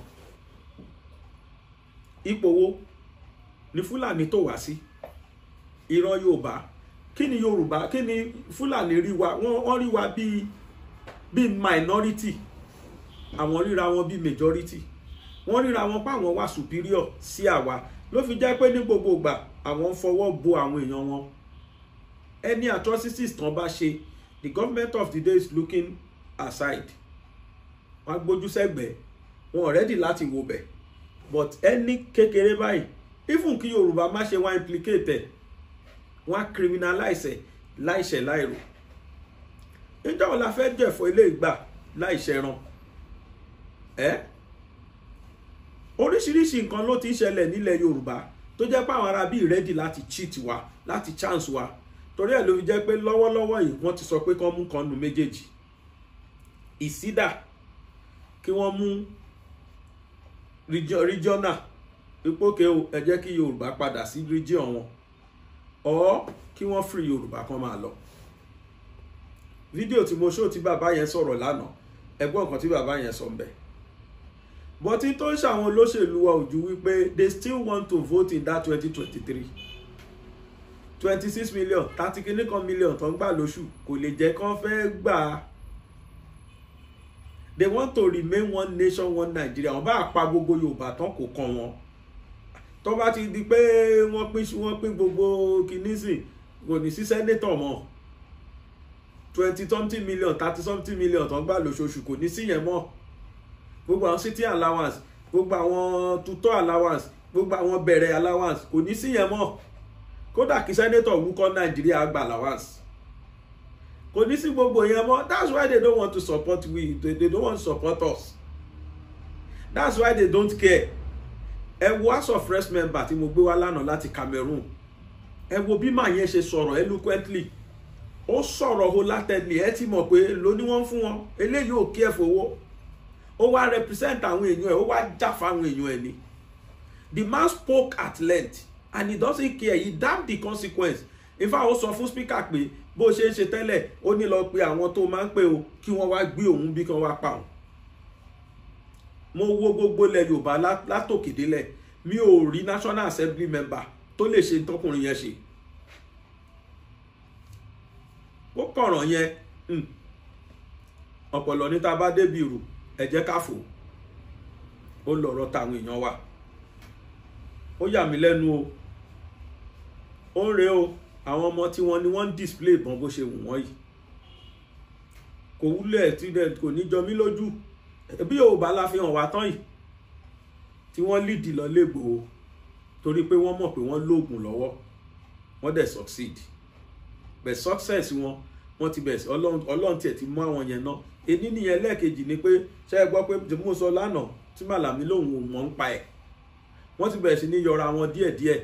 ipò wo ni fúlàní tó wá sí ìran yorùbá kí ni yorùbá kí ni fúlàní rí wa wọ́n rí wa bíi bíi minority àwọn ríra wọn bíi majority wọ́n ríra wọn pa àwọn wà superior sí àwa ló fi jẹ́ pé ní gbogbo ìgbà àwọn ń fọwọ́ bo àwọn èèyàn wọn any atrocities tán bá ṣe the government of the day is looking aside wọ́n á gbójú sẹ́gbẹ̀ẹ́ wọn ready láti wo bẹ̀ but ẹni kékeré báyìí even kí yorùbá má ṣe wá implicate ẹ̀ wọ́n á criminalize ẹ̀ láìṣẹ̀ láìrò níjọ́ wọn la fẹ́ jẹ̀fọ́ ilé ìgbà láìṣẹ̀ran ẹ́ oríṣiríṣi nǹkan ló ti ń ṣẹlẹ̀ nílẹ̀ yorùbá tó jẹ́ pé àwọn arábí ready láti cheat wa láti chance wa torí ẹ̀ ló fi jẹ́ pé lọ́wọ́lọ́wọ́ yìí wọ́n ti sọ pé kán mú kan nu méjèèjì ìsídà kí wọ́n mú regional ìpòkè o ẹ jẹ́ kí yorùbá padà sí region wọn or kí wọ́n free yorùbá kan máa lọ fídíò tí mo ṣó tí bàbá yẹn sọ̀rọ̀ lánàá ẹgbọ́n nǹkan tí bàbá yẹn sọ ń bẹ̀ bọ́tí tó ń ṣàwọn olóṣèlú wa ojú wípé they still want to vote in that twenty twenty three twenty six million thirty kìíní kan million tó ń gbà lóṣù kò lè jẹ́ kán fẹ́ gbà á they want to remain one nation one Nigeria wọ́n bá pa gbogbo Yorùbá tán kò kàn wọ́n tó bá ti di pé wọ́n pín wọ́n pín gbogbo kìíní sìn kò ní sí sẹ́nétọ̀ mọ́ twenty something million thirty something million tó ń gbà lóṣooṣù kò ní sí yẹn mọ́ gbogbo àwọn city allowance gbogbo àwọn tutor allowance gbogbo àwọn bẹ̀rẹ̀ allowance kò ní sí yẹn mọ́ kódà kí sẹ́nétọ̀ wúkọ́ Nàìjíríà gba allowance kò ní sí gbogbo yẹn mọ́ that's why they don't want to support we they, they don't want to support us that's why they don't care ẹ wo house of rest member tí mo gbé wá lánàá láti Cameroon ẹ wo bí màá yẹn ṣe sọ̀rọ̀ eloquently ó sọ̀rọ̀ ho látẹ̀lé ẹ ti mọ̀ pé lóní wọ́n fún wọn eléyìí ò kí ẹ̀ fowó ó wá represent àwọn èèyàn ẹ̀ ó wá jà fáwọn èèyàn ẹ̀ ni the man spoke at length and he doesn't care he damn the consequence in fact ó sọ fún speaker pé bó ṣe ń ṣe tẹ́lẹ̀ ó ní lọ pe àwọn tó máa ń pè o kí wọ́n wá gbé òun bí kí wọ́n wá pa òun mo wo gbogbo ilẹ̀ yorùbá látòkè délẹ̀ mi ò rí national assembly member tó lè ṣe tọkùnrin yẹn ṣe ó kọ̀ràn yẹn hmm, ọ̀pọ̀lọ̀ ní tá a bá débi rù ẹ jẹ́ ká fò ó lọ̀rọ̀ tàwọn èèyàn wa ó yà mí lẹ́nu o ó ń re o àwọn ọmọ tí wọ́n ní wọ́n ń display ìbọn bó ṣe wù wọ́n yìí kò wúlẹ̀ tí kò ní jọ mí lójú bí Yorùbá la fi hàn wá tán yìí tí wọ́n lídìí lọ lẹ́gbòó torí pé wọ́n mọ̀ pé wọ́n lóògùn lọ́wọ́ wọ́n dẹ̀ succeed but success wọn wọ́n ti bẹ̀rẹ̀ ọlọ́run tiẹ̀ ti mú àwọn yẹn náà èní nìyẹn lẹ́ẹ̀kejì ni pé ṣe é gbọ́ pé mo sọ lánàá tí màlàmí lòun ò mọ̀ ń pa ẹ̀ wọ́n ti bẹ̀rẹ̀ sí ní yọra wọn díẹ̀díẹ̀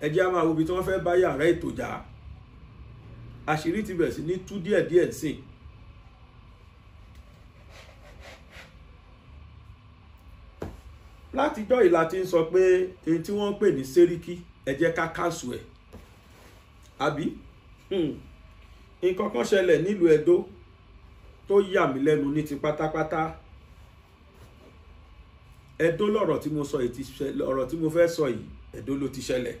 ẹ jẹ́ á máa wo ibi tí wọ́n fẹ́ bá yàrá ètò jà àṣírí ti bẹ̀rẹ̀ sí ní tú díẹ̀díẹ̀ sìn látijọ́ ìlà ti ń sọ pé ẹni tí wọ́n ń pè ní sẹ́ríkì ẹ jẹ́ ká káàsù ẹ̀ àbí hmm. nǹkan kan ṣẹlẹ̀ nílùú Ẹdó tó yà mí lẹ́nu ní ti pátápátá Ẹdó lọ̀rọ̀ tí mo sọ yìí ti ṣẹlẹ̀ ọ̀rọ̀ tí mo fẹ́ sọ yìí Ẹdó ló ti ṣẹlẹ̀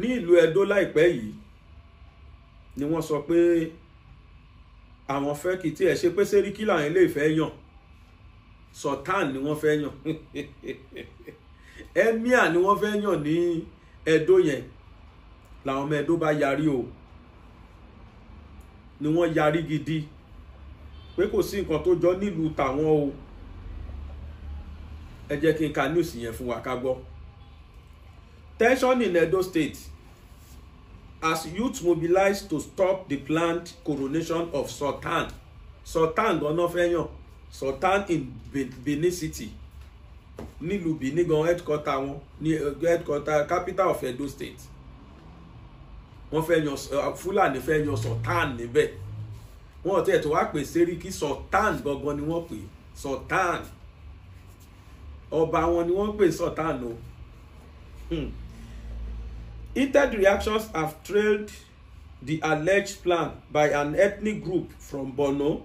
ní ìlú Ẹdó láìpẹ́ yìí ni wọ́n sọ pé àwọn fẹ́ kí tí ẹ̀ ṣe pé sẹ́ríkì làwọn ilé ìfẹ́ yàn sultan ni wọ́n fẹ́ yàn emir ni wọ́n fẹ́ yàn ní Ẹdó yẹn làwọn ọmọ Ẹdó bá yarí o ni wọ́n yarí gidi pé kò sí nǹkan tó jọ nílùú tàwọn o ẹ jẹ́ kí n ka news yẹn fún wa ká gbọ́ tẹ́ńsán ní Edo State as youths mobilized to stop the planned coronation of Sultan Sultan Gọnàfẹ́yàn Sultan in Benin City nílùú Benin gan headquarter wọn ní eh, headquarter capital of Edo State wọ́n fẹ́ yan eh, Fúlàní fẹ́ yan Sultan níbẹ̀ wọ́n tẹ̀ tó wá pè Sẹ́ríkì Sultan gangan ni wọ́n pè Sultan ọba wọn ni wọ́n pè Sultan o. Hmm Heated reactions have trailed the alleged plan by an ethnic group from Borno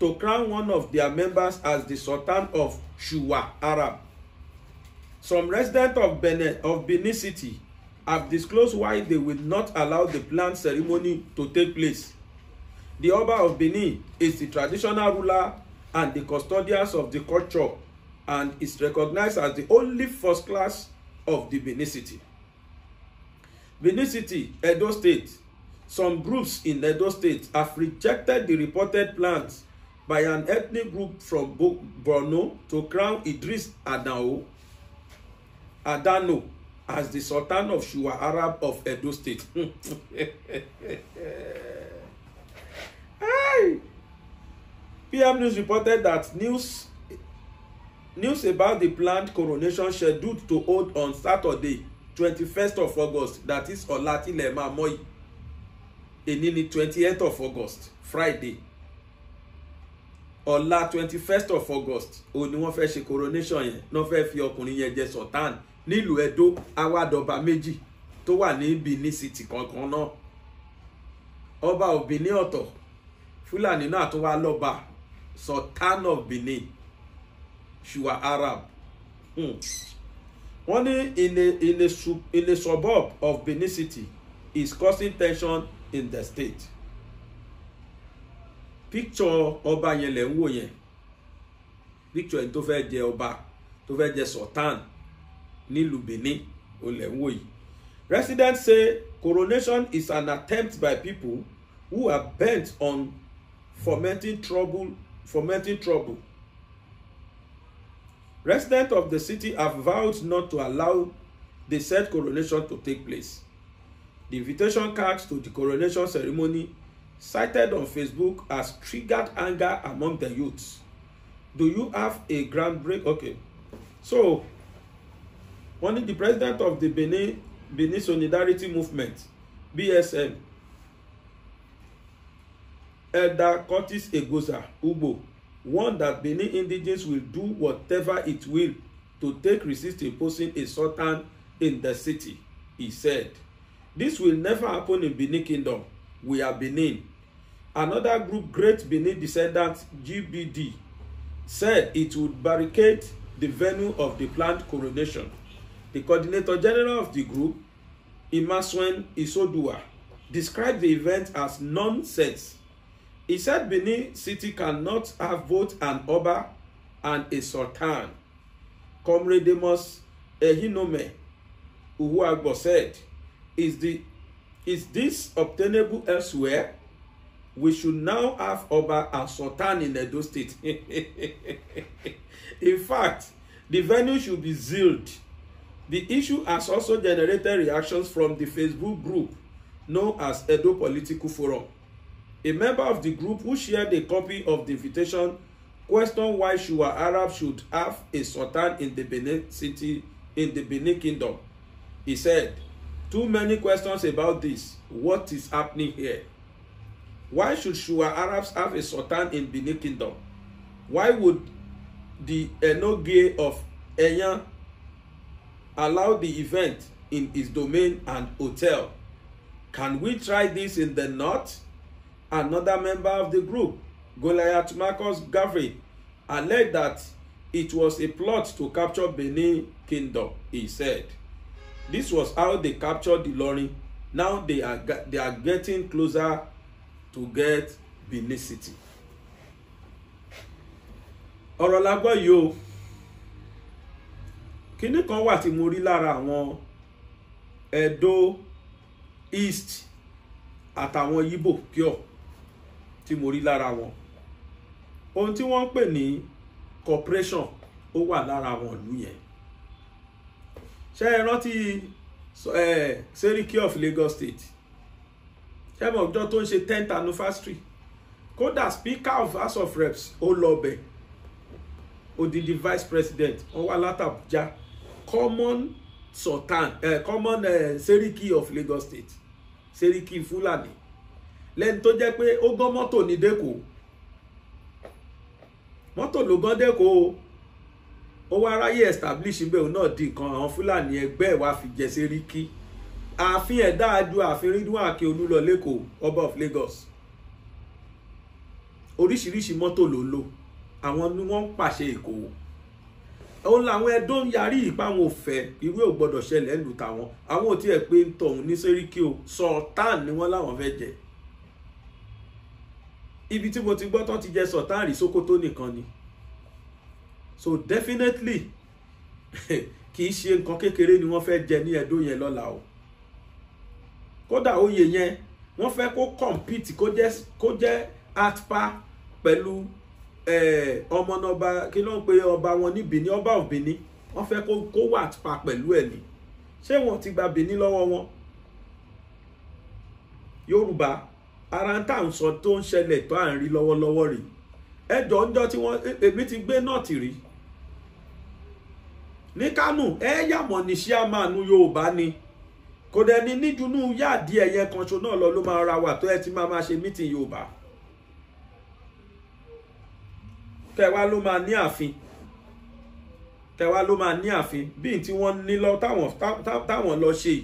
to crown one of their members as the Sultan of Shua Arab. Some residents of Benin, of Benin City have disclosed why they will not allow the planned ceremony to take place. The Oba of Benin is the traditional ruler and the custodian of the culture and is recognized as the only first class of the Benin City. Benin City, Edo State. Some groups in Edo State have rejected the reported plans by an ethnic group from Borno to crown Idris Adao, Adano as the Sultan of Shua Arab of Edo State. hey! PM News reported that news news about the planned coronation scheduled to hold on Saturday twenty first of august that is Olati tilẹ̀ máa mọ́ yìí èní twenty eight of august friday ọ̀la twenty first of august òun ni wọ́n fẹ́ coronation yẹn wọ́n fẹ́ fi ọkùnrin yẹn jẹ sultan nílùú edo awádọba meji. tó wà ní benin city kankan náà Oba o benin ọ̀tọ̀ fúlàní náà tó wá lọ́ba sultan of benin shua arab. Hmm wọ́n ní in a in a in a suburb of Benin City is causing tension in the state picture ọba yẹn lẹ̀ ń wò yẹn picture ẹni tó fẹ́ jẹ ọba tó fẹ́ jẹ sultan nílùú Benin ó lẹ̀ ń wò yìí residents say coronation is an attempt by people who are bent on fomenting trouble fomenting trouble Residents of the city have vowed not to allow the said coronation to take place. The invitation cards to the coronation ceremony cited on Facebook has triggered anger among the youths. Do you have a groundbreak? Okay. So, one of the president of the Benin, Benin Solidarity Movement, BSM, Elder Curtis Egoza Ubo warned that Benin indigenes will do whatever it will to take resist imposing a sultan in the city. He said, This will never happen in Benin Kingdom. We are Benin. Another group, Great Benin Descendants GBD, said it would barricade the venue of the planned coronation. The coordinator general of the group, Imaswen Isodua, described the event as nonsense He said Benin City cannot have both an Oba and a Sultan. Comrade Amos Ehinome Uhuagbo said, is, the, is this obtainable elsewhere? We should now have Oba and Sultan in Edo State. in fact, the venue should be sealed. The issue has also generated reactions from the Facebook group known as Edo Political Forum. A member of the group who shared a copy of the invitation questioned why Shua Arab should have a sultan in the Benin city in the Benin kingdom. He said, Too many questions about this. What is happening here? Why should Shua Arabs have a sultan in Benin kingdom? Why would the Enoge of Enya allow the event in his domain and hotel? Can we try this in the north? Another member of the group, Goliath Marcus Gavri, alleged that it was a plot to capture Benin Kingdom, he said. This was how they captured the lorry. Now they are, they are getting closer to get Benin City. ọ̀rọ̀ la gbọ́ yìí o kinní kan wà tí mo rí lára àwọn Edo East àtàwọn Yíbò pure tí mo rí lára wọn ohun tí wọ́n ń pè ní corporation ó wà lára àwọn ìlú yẹn ṣé ẹ rántí Seriki of Lagos State ṣé mọ̀ ọjọ́ tó ń ṣe tenth anniversary kódà speaker of house of reps ó lọ bẹ̀ odidi vice president wọ́n wá látàbújá common sultan eh, common eh, Seriki of Lagos State Seriki Fulani lẹ́ni tó jẹ́ pé ó gán mọ́tò ní dẹ́kọ̀ mọ́tò ló gán dẹ́kọ̀ o ó wá ráyè establish bẹ́ẹ̀ náà di nǹkan àwọn fúlàní ẹgbẹ́ ẹ̀ wá fi jẹ Sẹ́ríkì ààfin ẹ̀ dáa ju ààfin Ridwan Akeolu lọ lẹ́kọ̀ọ́ ọba of Lagos oríṣiríṣi mọ́tò ló ń lò àwọn ni wọ́n ń pàṣẹ Èkó òun làwọn ẹdó ń yarí ìpáwọn òfẹ irú ò gbọdọ̀ ṣẹlẹ̀ ń tàwọn àwọn ò tiẹ̀ pé ń tọ̀hún ní Sẹ́ríkì o Sultan ni wọ́n láwọn fẹ́ jẹ́ ibi tí mo ti gbọ́ tán ti jẹ sọ̀tàn rí Sókótó nìkan ni so definitely kì í ṣe nǹkan kékeré ni wọ́n fẹ́ jẹ ní Ẹdó yẹn lọ́la o kódà oyè yẹn wọ́n fẹ́ kó compete kó jẹ́ kó jẹ́ at par pẹ̀lú ọmọnọba kí ló ń pe ọba wọn ní Bìní ọba of Bìní wọ́n fẹ́ kó wà at par pẹ̀lú ẹ̀ ni ṣé wọ́n ti gba Bìní lọ́wọ́ wọn Yorùbá ara ń tà ń sọ tó ń ṣẹlẹ̀ tó à ń rí lọ́wọ́lọ́wọ́ rèé ẹjọ́ ọjọ́ tí wọ́n e, èmi ti gbé nọ́ọ̀tì rí ní Kánò ẹ yàmọ̀ ní ṣíàmánu Yorùbá ni kò dẹ̀ ní níjúnú yáàdí ẹ̀yẹ kanṣo náà lọ ló máa ra wà tó ẹ ti máa máa ṣe mítìn Yorùbá kẹwa ló máa ní ààfin kẹwa ló máa ní ààfin bíi tí wọ́n ní lọ táwọn lọ ṣe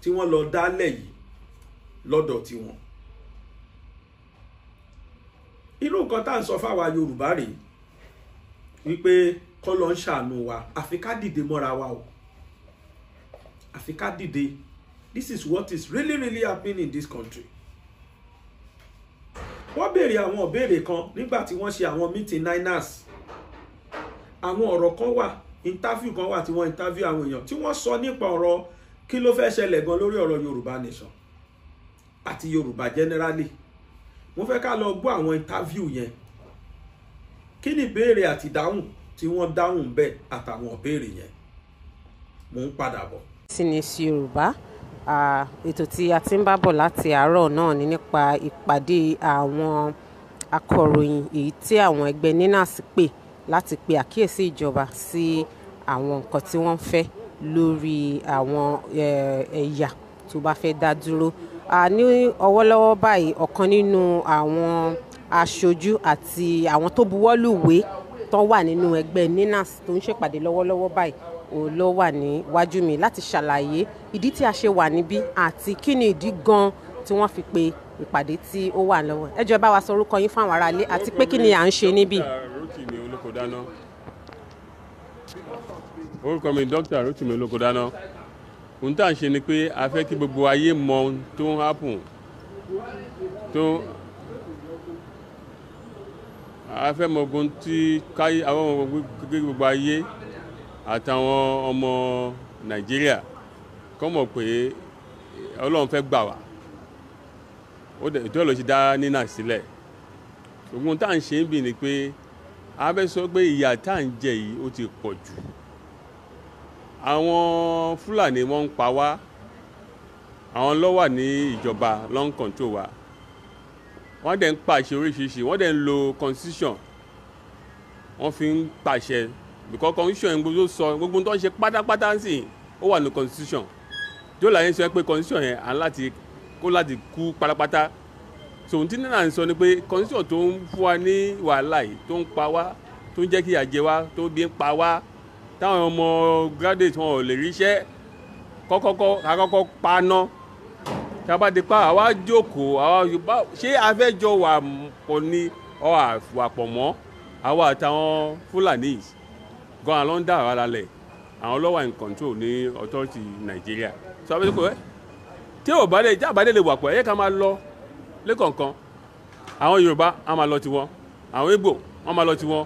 tí wọ́n lọ dálẹ̀ yìí lọ́dọ̀ tiwọn irú nǹkan tá à ń sọ fáwa yorùbá rèé wípé kọ́ lọ ń ṣàánú wa àfi ká dìde mọ́ra wa o àfi ká dìde this is what is really really happening in this country wọ́n béèrè àwọn ìbéèrè kan nígbà tí wọ́n ṣe àwọn meeting niners àwọn ọ̀rọ̀ kan wà interview kan wà tí wọ́n interview àwọn èèyàn tí wọ́n sọ nípa ọ̀rọ̀ kí ló fẹ́ ṣẹlẹ̀ gan lórí ọ̀rọ̀ yorùbá nation àti yorùbá generally wọ́n fẹ́ ká lọ gbọ́ àwọn interview yẹn kí ni ìbéèrè àti ìdáhùn tí wọ́n dáhùn bẹ́ẹ̀ àtàwọn ìbéèrè yẹn mò ń padà bọ̀. sí ni sí yorùbá ètò tí a ti ń bá bọ̀ láti àárọ̀ náà ni nípa ìpàdé àwọn akọ̀ròyìn èyí tí àwọn ẹgbẹ́ NINAS pè láti pe àkíyèsí ìjọba sí àwọn nǹkan tí wọ́n fẹ́ lórí àwọn ẹ̀yà tó bá fẹ́ dá dúró ní ọwọ́lọ́wọ́ báyìí ọ̀kan nínú àwọn aṣojú àti àwọn tó buwọ́lùwé tó wà nínú ẹgbẹ́ ninas tó ń ṣèpàdé lọ́wọ́lọ́wọ́ báyìí òun ló wà níwájú mi láti ṣàlàyé ìdí tí a ṣe wà níbí àti kí ni ìdí gan tí wọ́n fi pe ìpàdé tí ó wà lọ́wọ́ ẹ bá wa sọ orúkọ yín fáwọn aráalé àti pé kí ni à ń ṣe níbí. orúkọ mi dókítà Rotimi Olókòdáná ohun tá à ń ṣe ni pé a fẹ́ kí gbogbo ayé mọ ohun tó ń happen tó a fẹ́ mọ ogun tí káyé àwọn ọmọ gbogbo ayé àtàwọn ọmọ nàìjíríà kọ́ mọ̀ pé ọlọ́run fẹ́ gbà wá ó dẹ̀ tó lọ sí dá nínà sílẹ̀ ogun tá à ń ṣe ń bì ni pé a fẹ́ sọ pé ìyà tá à ń jẹ yìí ó ti pọ̀ jù àwọn fúlàní wọ́n ń pa wá àwọn ló wà ní ìjọba ló ń control wa wọ́n dẹ̀ ń pàṣẹ oríṣiríṣi wọ́n dẹ̀ ń lo constitution wọ́n fi ń pàṣẹ because constitution gbogbo sọ gbogbo tó ń ṣe pátápátá ń sìn ó wà ní constitution tó láyé sọ pé constitution yẹn à ń láti kó láti kú pátápátá so ohun tí nínà ń sọ ni pé constitution tó ń fún wa ní wàhálà yìí tó ń pa wá tó ń jẹ́ kí ìyà jẹ tó bí ń pa wá táwọn ọmọ graduate wọn ò lè ríṣẹ́ kọ́kọ́kọ́ àkọ́kọ́ paná tába ti pa àwa jókòó àwa ṣé afẹ́jọ wà pọ̀ ní ọ àwà pọ̀ mọ́ àwa àtàwọn Fúlàní gan alọ́ ń dà wà lálẹ́ àwọn ló in control ní authority Nàìjíríà sọ abẹ́jọ́ pé tí ò bá dé tí àbádé lè wà pọ̀ ẹ̀yẹ́ ká máa lọ lẹ́kọ̀ọ̀kan àwọn Yorùbá á máa lọ tiwọn àwọn Ìgbò wọ́n máa lọ tiwọn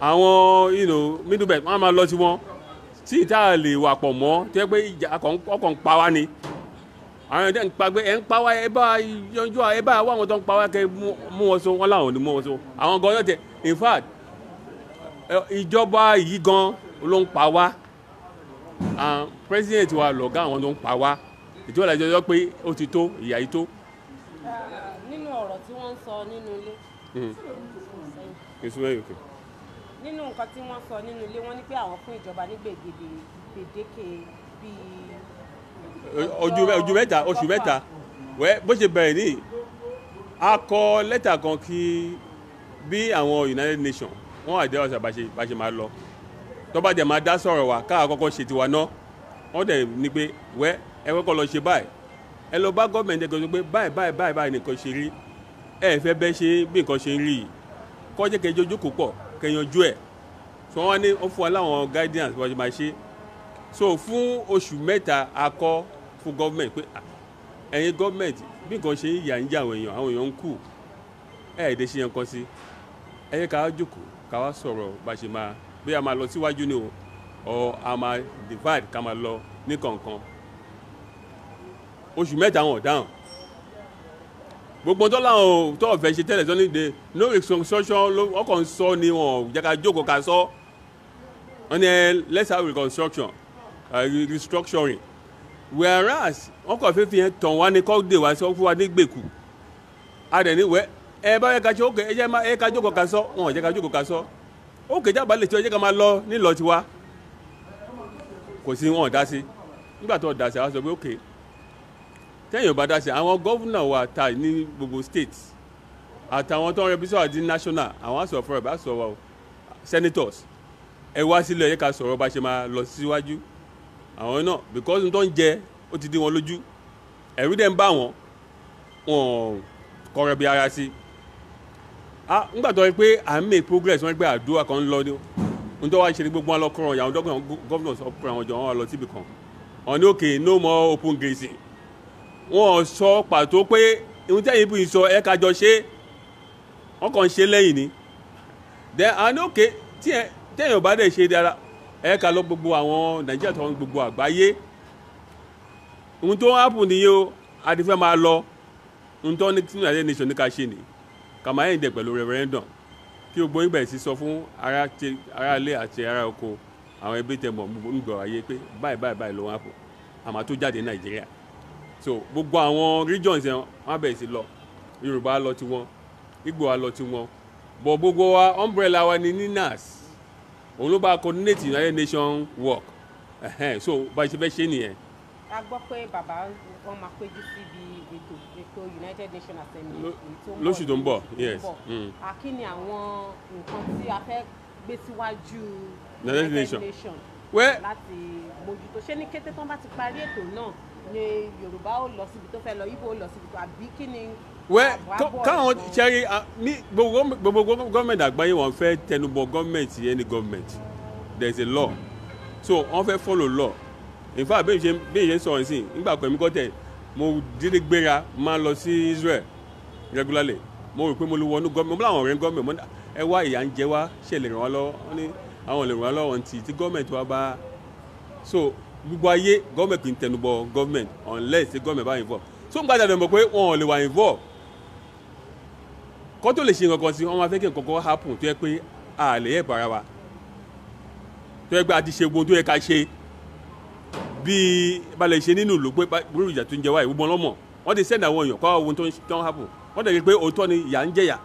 àwọn you know middle belt wọn máa lọ sí wọn tí ìta lè wà pọ̀ mọ́ tẹ́ pé ìjà ọkàn pa wá ni àwọn ẹ̀dẹ̀ ń pa pé ẹ̀ ń pa wá ẹ bá yanjú ẹ bá wá àwọn tó ń pa wá kẹ mú wọn so wọn làwọn ò ní mú wọn so àwọn gan yóò tẹ in fact ìjọba yìí gan ló ń pa wá president wa lọ̀gá àwọn tó ń pa wá ìjọba ìlàjọ yọ pé ó ti tó ìyà yìí tó. nínú ọ̀rọ̀ tí wọ́n ń sọ nínú ilé. ìsúnmọ́ hmm nínú nǹkan tí wọ́n sọ nínú ilé wọn ni pé àwọn fún ìjọba ní gbèdéke gbèdéke bíi. ojú mẹ́ta oṣù mẹ́ta wẹ́ bó ṣe bẹ̀rẹ̀ ní a kọ lẹ́tà kan kí bí àwọn United Nations wọ́n àdé ọ̀sà bá ṣe máa lọ tó bá dẹ̀ máa dá sọ̀rọ̀ wa káà kọ́kọ́ ṣe tiwa náà wọ́n dẹ̀ ní pé wẹ́ ẹ kọ́kọ́ lọ ṣe báyìí ẹ lọ bá gọ́ọ̀mẹ̀ntì ẹ̀kọ́ sọ pé báyìí báyìí báyìí báyìí nìkan ṣe rí ẹ fẹ́ bẹ́ ṣe bí nǹkan ṣe ń rí yìí kọ́jẹ́ kẹjọ ojú kò pọ̀ kẹyanjú ẹ̀ so wọ́n ní wọ́n fún wa láwọn guidance wọ́n máa ṣe so fún oṣù mẹ́ta akọ fún gọ́ọ̀mẹ̀ntì pé ẹ̀yin gọ́ọ̀mẹ̀ntì bí nǹkan ṣe ń yà ń yà àwọn èèyàn àwọn èèyàn ń kú ẹ̀ ẹ̀ dé ṣe yẹn kan sí ẹ̀yẹ ká wá ká wá sọ̀rọ̀ bá ṣe máa bí a máa lọ síwájú ni o a máa divide ká máa lọ ní kọ̀ọ̀kan oṣù mẹ́ta wọn ò dáhùn gbogbo tó láwọn tó ọ̀fẹ́ ṣe tẹ́lẹ̀ sọ́ni de no reconstruction ọkọ̀ ń sọ ni wọn jẹ́ka jókòó ká sọ wọn ni let's have reconstruction uh, restructuring whereas wọn kọ̀ fẹ́ fi hàn tàn wá ní kọ́dé wá sọ fún wa ní gbèkú adẹ̀ni wẹ́ ẹ bá yẹ ká ṣe ókè ẹ jẹ́ ẹ ká jókòó ká sọ wọn jẹ́ ká jókòó ká sọ ókè jábà lè ṣe ọ jẹ́ ká máa lọ nílọ tiwa kò sí wọn dá sí nígbà tó dá sí àwọn sọ pé ókè. Okay tẹ́yìn bá dáṣe àwọn gọ́vùnà wa ta ní gbogbo state àtàwọn tó ń represent àti national àwọn àṣọ fúnra bá sọ wa o senators ẹ wá sílẹ̀ ẹ ká sọ̀rọ̀ bá ṣe máa lọ síwájú àwọn náà because n tó ń jẹ ó ti dí wọn lójú ẹ̀rú dẹ̀ ń bá wọn wọn kọrọ bí ara sí ah nígbà tó yẹ pé à ń make progress wọn gbé àdúrà kan lọ ní n tó wá ṣe ni gbogbo wọn lọ kọrọ yàrá dọ́gbọ̀n gómìnà sọ pé àwọn jọ wọn lọ síbi kan wọn ní òkè no more open grazing wọn ò sọ pàtó pé ohun tẹ́yìn bí sọ ẹ kájọ ṣe wọn kàn ń ṣe lẹ́yìn ni then àná òkè tẹ́yìn ò bá dẹ̀ ṣe dára ẹ ká lọ gbogbo àwọn nàìjíríà tó ń gbogbo àgbáyé ohun tó ń hápù nìyẹn o adìfẹ́ máa lọ ohun tó ní tìǹbù àti nation ní ká ṣe ni kàmá yẹn dẹ̀ pẹ̀lú referendum kí gbogbo ibẹ̀ sì sọ fún aráalé àti ará oko àwọn ẹbí tẹ̀ mọ̀ gbogbo ayé pé báyìí báyìí báyìí ló ń hápù àmọ́ tó nàìjíríà so gbogbo àwọn regions yẹn wọ́n á bẹ̀rẹ̀ sí lọ yorùbá á lọ tiwọn ìgbò á lọ tiwọn bọ̀ gbogbo wa umbrella wa ni ninas òun ló bá coordinate united nations work uh-huh. so bá a ṣe fẹ́ ṣe nìyẹn. a gbọ́ pé bàbá wọn máa péjú síbi ètò ètò united nations assembly lóṣù tó ń bọ̀ yes. Mm. kí ni àwọn nǹkan tí a fẹ́ gbé síwájú united nations láti mójútó ṣé ní kété tán bá ti parí ètò náà ni yorùbá ó lọ síbi tó fẹ́ lọ ibo ó lọ síbi tó àbí kí ni. wẹ káwọn ṣẹ́rí ní gbogbo gọ́ọ̀mẹ̀ntì àgbáyé wọn fẹ́ tẹnubọ gọ́ọ̀mẹ̀ntì any gọ́ọ̀mẹ̀ntì there is a law so wọn fẹ́ follow law in fact bí ìṣe bí ìṣe sọ̀rọ̀ sí nígbà pẹ̀lú kọ́tẹ̀ mo dídí gbéra máa lọ sí Israel regularly mo rò pé mo lu wọnú gọ́ọ̀mẹ̀ntì mo láwọn ọ̀rẹ́ gọ́ọ̀mẹ̀ntì ẹ wá ìyà ń jẹ wá ṣe lè ràn wá lọ́wọ́ ní àwọn lè ràn wá lọ́wọ́ ní ti gọ́ọ̀mẹ̀ntì wa bá so gbogbo ayé gọ́ọ̀mẹ̀ntì kì í tẹnubọ gọ́ọ̀mẹ̀ntì unless ṣe gọ́ọ̀mẹ̀ntì bá involve so nígbà tí a mọ̀ pé wọn ò lè wà involve kọ́ tó lè ṣe nǹkan sí wọn máa fẹ́ kí nǹkan kan happen tó yẹ pé a lè yẹ̀ para wa tó yẹ pé a ti ṣe gbogbo tó yẹ ká ṣe bíi balẹ̀ ṣe nínú ìlú pé burú ìjà tó ń jẹ wáyé gbogbo ọlọ́mọ wọ́n ti send àwọn èèyàn kọ́ ohun tó ń tán happen wọ́n dẹ̀ rí pé òótọ́ ni ìyà ń jẹ̀yà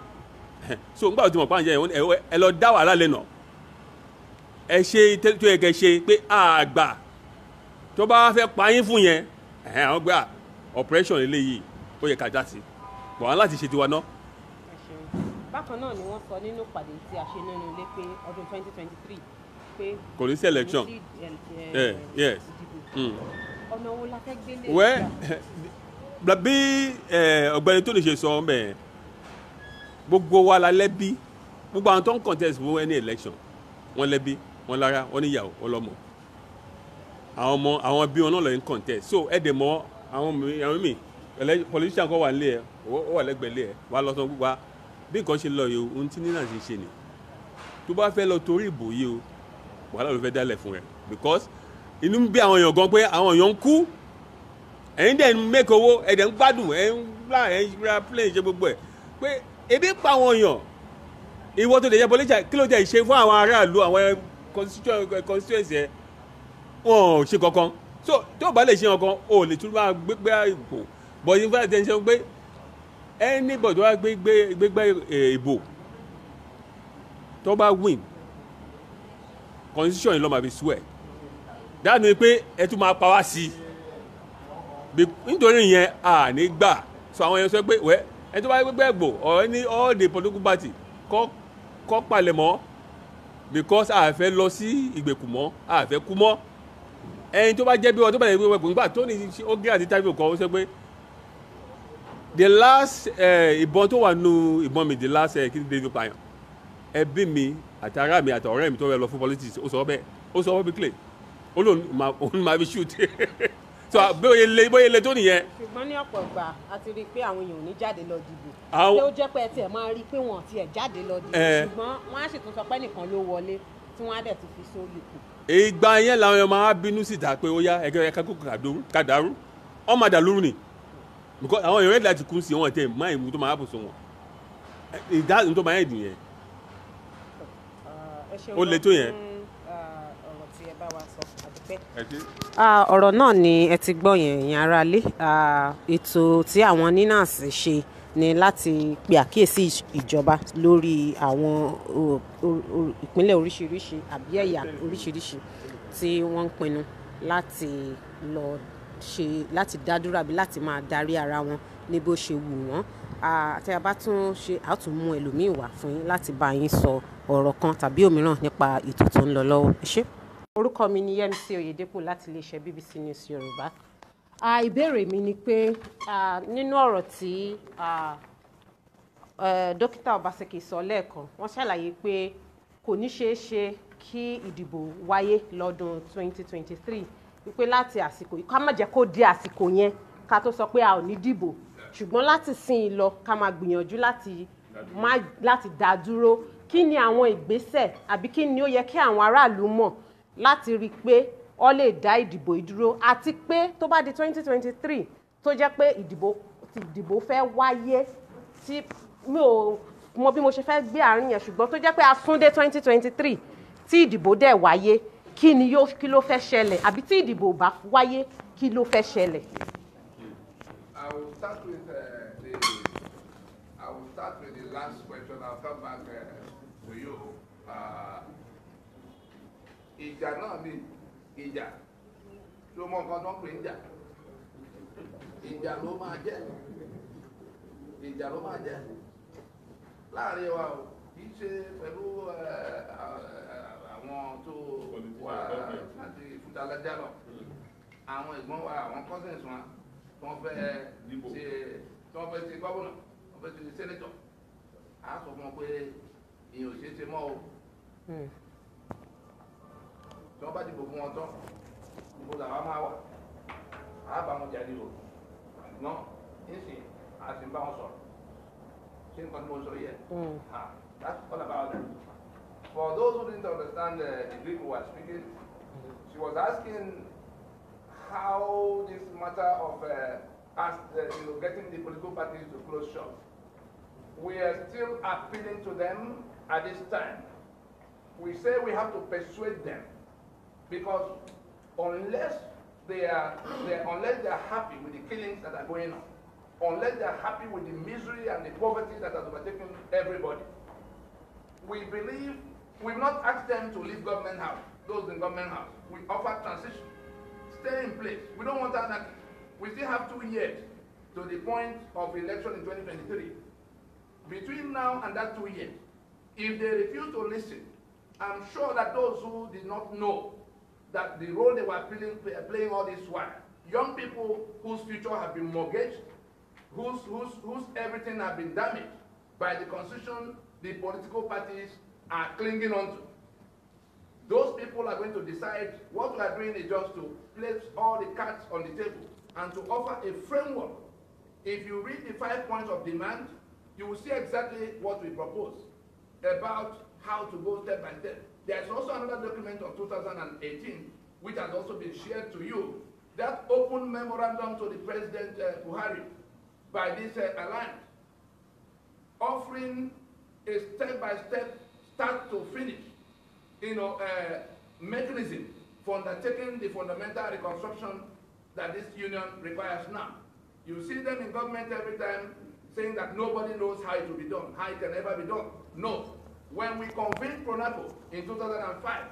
so nígbà tí mo pa àǹjẹ́ yẹn ẹ lọ dá wàhálà lẹ́nà ẹ ṣe tó yẹ kẹ́ ṣe pé àgbà tó bá fẹ́ pa yín fún yẹn ẹ̀hẹ́n àwọn gbà operation eléyìí ó yẹ ká já sí bọ̀ wá láti ṣe tiwa náà. bákan náà ni wọ́n sọ nínú ìpàdé tí a ṣe nínú ilé pé ọdún twenty twenty three pé kò ní sí election eh, eh, eh, hmm. ọ̀nà wo la fẹ́ gbélé. wẹ́ bí ọ̀gbẹ́ni tó lè ṣe sọ ọ́n bẹ́ẹ̀ gbogbo wa la lẹ́bi gbogbo àwọn tó ń contest fún ẹni election wọ́n lẹ́bi wọ́n lára wọ́n níyàwó wọ́n lọ́mọ àwọn ọmọ àwọn bí wọn náà lọ ń so ẹ dẹ̀ mọ́ àwọn àwọn mi politician kan wà nílé ẹ ó wà lẹ́gbẹ̀ẹ́ lé ẹ wà lọ sọ wá bí nǹkan ṣe lọ yìí o ohun tí nínà ṣe ṣe ni tó bá fẹ́ lọ torí ìbò yìí o wàhálà ló fẹ́ dálẹ̀ fún ẹ because inú ń bí àwọn èèyàn gan pé àwọn èèyàn ń kú ẹ̀yin dẹ̀ ń make owó ẹ̀ dẹ̀ ń gbádùn ẹ̀ ń gbà ẹ̀ ń ra plane ṣe gbogbo ẹ̀ pé ebi pa àwọn èèyàn ìwọ tó lè jẹ́ politician kí ló jẹ́ ìṣe fún àwọn aráàlú àwọn constituency ẹ̀ wọn ò ṣe kankan so tó o bá lè ṣe kankan o lè tún máa gbégbé ìbò but in fact ẹni ṣe pé anybody wá gbégbé gbégbé e, ìbò tó bá win constitution ló máa fi swear dáàbò pé ẹ tún máa pa wá sí i nítorí yẹn à ní gbà so àwọn yẹn sọ pé wẹ́ẹ́ ẹni tó bá yẹ gbẹgbẹ gbò ọ̀rẹ́ ní all the political party kọ́ kọ́ palẹ̀ mọ́ because a fẹ́ lọ sí ìgbèkùn mọ́ a fẹ́ kú mọ́ ẹni tó bá jẹ́ bí wọn tó bá jẹ́ bí wọn kò tó ní ó gé àti tábìlì kan ó sọ pé the last ìbọn tó wà nù ìbọn mi the last kí ni david payan ẹbí mi àti ará mi àti ọ̀rẹ́ mi tó rẹ lọ fún politics ó sọ bẹ́ẹ̀ ó sọ bẹ́ẹ̀ bíkìlẹ̀ ó lòun máa fi shoot so bóyá le bóyá le tó nìyẹn. ṣùgbọ́n ní ọ̀pọ̀ ìgbà a ti rí i pé àwọn èèyàn ò ní jáde lọ dìbò. àwọn ṣé ó jẹ́ pé ẹ tiẹ̀ máa rí i pé wọ́n tiẹ̀ jáde lọ dìbò ṣùgbọ́n wọ́n á sì tún sọ pé nìkan ló wọlé tí wọ́n á dẹ̀ tún fi sórí kù ìgbà yẹn làwọn ọmọ wa bínú síta pé ó yá ẹgbẹ́ ẹ̀ka kó kàdárú ọmọ àdàlúrú ni because àwọn èèyàn láti kú sí wọn tẹ má ìmú tó máa bù sọ wọn ìdá tó máa yẹn dùn yẹn ó le tó yẹn. ọ̀rọ̀ náà ni ẹ ti gbọ́ yẹn ìyẹn aráalé ètò tí àwọn nínàṣì ṣe ni láti pe àkíyèsí ìjọba lórí àwọn ìpínlẹ̀ oríṣiríṣi àbí ẹ̀yà oríṣiríṣi tí wọ́n ń pinnu láti lọ ṣe láti dádúrà bí láti máa darí ara wọn ní bó ṣe wù wọ́n àti a bá tún ṣe àtúnmú ẹlòmíì wá fún yín láti bá yín sọ ọ̀rọ̀ kan tàbí òmíràn nípa ètò tó ń lọ lọ́wọ́. orúkọ mi ni Yẹ́misí Oyèdépò láti iléeṣẹ́ BBC News Yorùbá ìbéèrè mi ni pé nínú ọ̀rọ̀ tí dókítà Obaseki sọ lẹ́ẹ̀kan wọ́n ṣàlàyé pé kò ní ṣeé ṣe kí ìdìbò wáyé lọ́dún 2023 wípé láti àsìkò yìí ká má jẹ́ kó di àsìkò yẹn ká tó sọ pé a ò ní dìbò ṣùgbọ́n láti sìn ín lọ ká máa gbìyànjú láti láti dá dúró kí ni àwọn ìgbésẹ̀ àbí kí ni ó yẹ kí àwọn aráàlú mọ̀ láti rí i pé ó lè dá ìdìbò ìdúró àti pé tó bá di twenty twenty three tó jẹ́ pé ìdìbò ti ìdìbò fẹ́ wáyé tí mi ò mọ bí mo ṣe fẹ́ gbé àárín yẹn ṣùgbọ́n tó jẹ́ pé a sún dé twenty twenty three tí ìdìbò dẹ̀ wáyé kí ni yóò kí ló fẹ́ ṣẹlẹ̀ àbí tí ìdìbò bá wáyé kí ló fẹ́ ṣẹlẹ̀. I will start with uh, the I will start with the last question I come back uh, you. Uh, ìjà náà ni ìjà tí ó mọ nǹkan tó ń pè ń jà ìjà ló máa jẹ́ ìjà ló máa jẹ́ láàrin wa o kì í ṣe pẹ̀lú eh, àwọn tó wà láti fúdàlájà lọ àwọn ìgbọ́n wa àwọn cousins wa tí wọ́n fẹ́ ṣe tí wọ́n fẹ́ ṣe gómìnà wọ́n fẹ́ ṣe sẹ́nẹ́tọ̀ á sọ fún wọn pé ìyẹn ò ṣeé ṣe mọ́ o. Hmm. tí wọ́n bá a ba hmm. that's all about that for those who didn't understand uh, the Greek who were speaking she was asking how this matter of uh, uh, you know, getting the political parties to close shop we are still appealing to them at this time we say we have to persuade them because unless they are, they, unless they are happy with the killings that are going on, unless they are happy with the misery and the poverty that has overtaken everybody, we believe we've not asked them to leave government house, those in government house. We offer transition, stay in place. We don't want anarchy. We still have two years to the point of election in 2023. Between now and that two years, if they refuse to listen, I'm sure that those who did not know that the role they were playing, playing all this while, young people whose future have been mortgaged, whose, whose, whose everything have been damaged by the constitution the political parties are clinging on to. Those people are going to decide what we are doing is just to place all the cards on the table and to offer a framework. If you read the five points of demand, you will see exactly what we propose about how to go step by step. There's also another document of 2018, which has also been shared to you, that open memorandum to the President uh, Buhari by this uh, alliance, offering a step-by-step, start to finish, you know, uh, mechanism for undertaking the fundamental reconstruction that this union requires now. You see them in government every time saying that nobody knows how it will be done, how it can ever be done. No, when we convened Pronapo in 2005,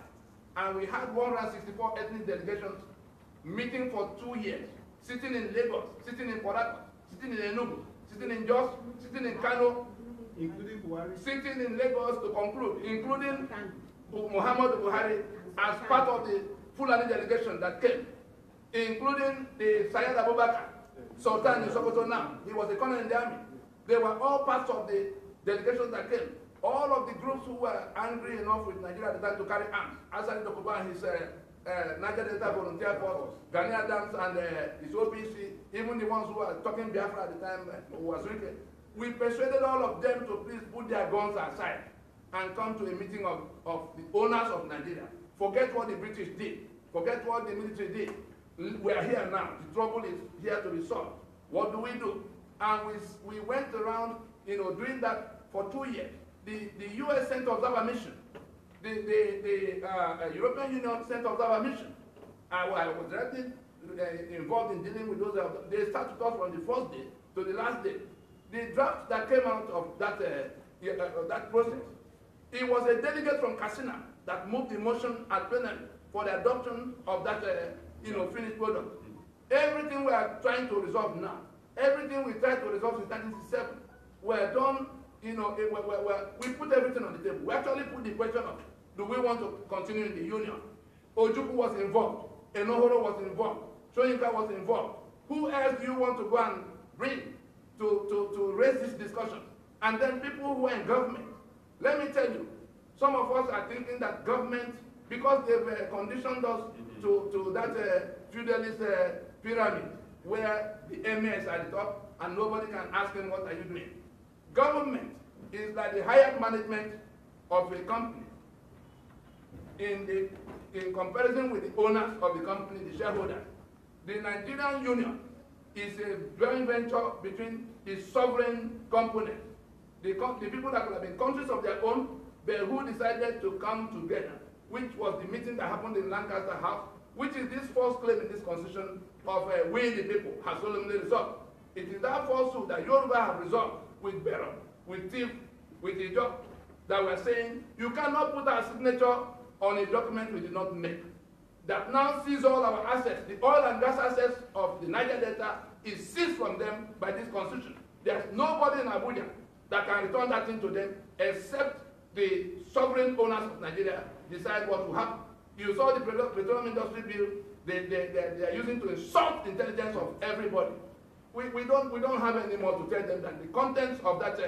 and we had 164 ethnic delegations meeting for two years, sitting in Lagos, sitting in Port sitting in Enugu, sitting in Jos, sitting in Kano, including Buhari, sitting in Lagos to conclude, including Muhammad Buhari as part of the Fulani delegation that came, including the Sayed Abubakar, Sultan in Sokoto now. He was a colonel in the army. They were all part of the delegation that came all of the groups who were angry enough with Nigeria at the time to carry arms, Asani Dokuba and his uh, uh, Niger Delta Volunteer Force, Ghanaian and uh, his OPC, even the ones who were talking Biafra at the time, uh, was wicked. We persuaded all of them to please put their guns aside and come to a meeting of, of the owners of Nigeria. Forget what the British did. Forget what the military did. We are here now. The trouble is here to be solved. What do we do? And we, we went around, you know, doing that for two years the, the U.S. Center of Observer Mission, the, the, the uh, uh, European Union Center of Observer Mission. I, I was directly uh, involved in dealing with those. Uh, they started us from the first day to the last day. The draft that came out of that, uh, uh, that process, it was a delegate from Casina that moved the motion at plenary for the adoption of that you know, finished product. Everything we are trying to resolve now, everything we tried to resolve since 1967, were done you know, it, eh, we we we put everything on the table. We actually put the question of, do we want to continue in the union? Ojuku was involved. Enohoro was involved. Shoyinka was involved. Who else do you want to go and bring to, to, to raise this discussion? And then people who are in government. Let me tell you, some of us are thinking that government, because they've uh, conditioned us to, to that uh, feudalist uh, pyramid, where the emirs are at the top and nobody can ask them, what are you doing? Government is like the higher management of a company. In, the, in comparison with the owners of the company, the shareholders, the Nigerian Union is a joint venture between the sovereign component, the, the people that could have been countries of their own, but who decided to come together, which was the meeting that happened in Lancaster House, which is this false claim in this constitution of uh, we the people has solemnly resolved. It is that falsehood that Yoruba have resolved with Baron, with Thief, with the doctor, that were saying you cannot put our signature on a document we did not make. That now sees all our assets, the oil and gas assets of the Niger Delta is seized from them by this constitution. There's nobody in Abuja that can return that thing to them except the sovereign owners of Nigeria decide what to happen. You saw the petroleum industry bill they, they, they, they are using to insult the intelligence of everybody we, we, don't, we don't have any more to tell them than the contents of that uh,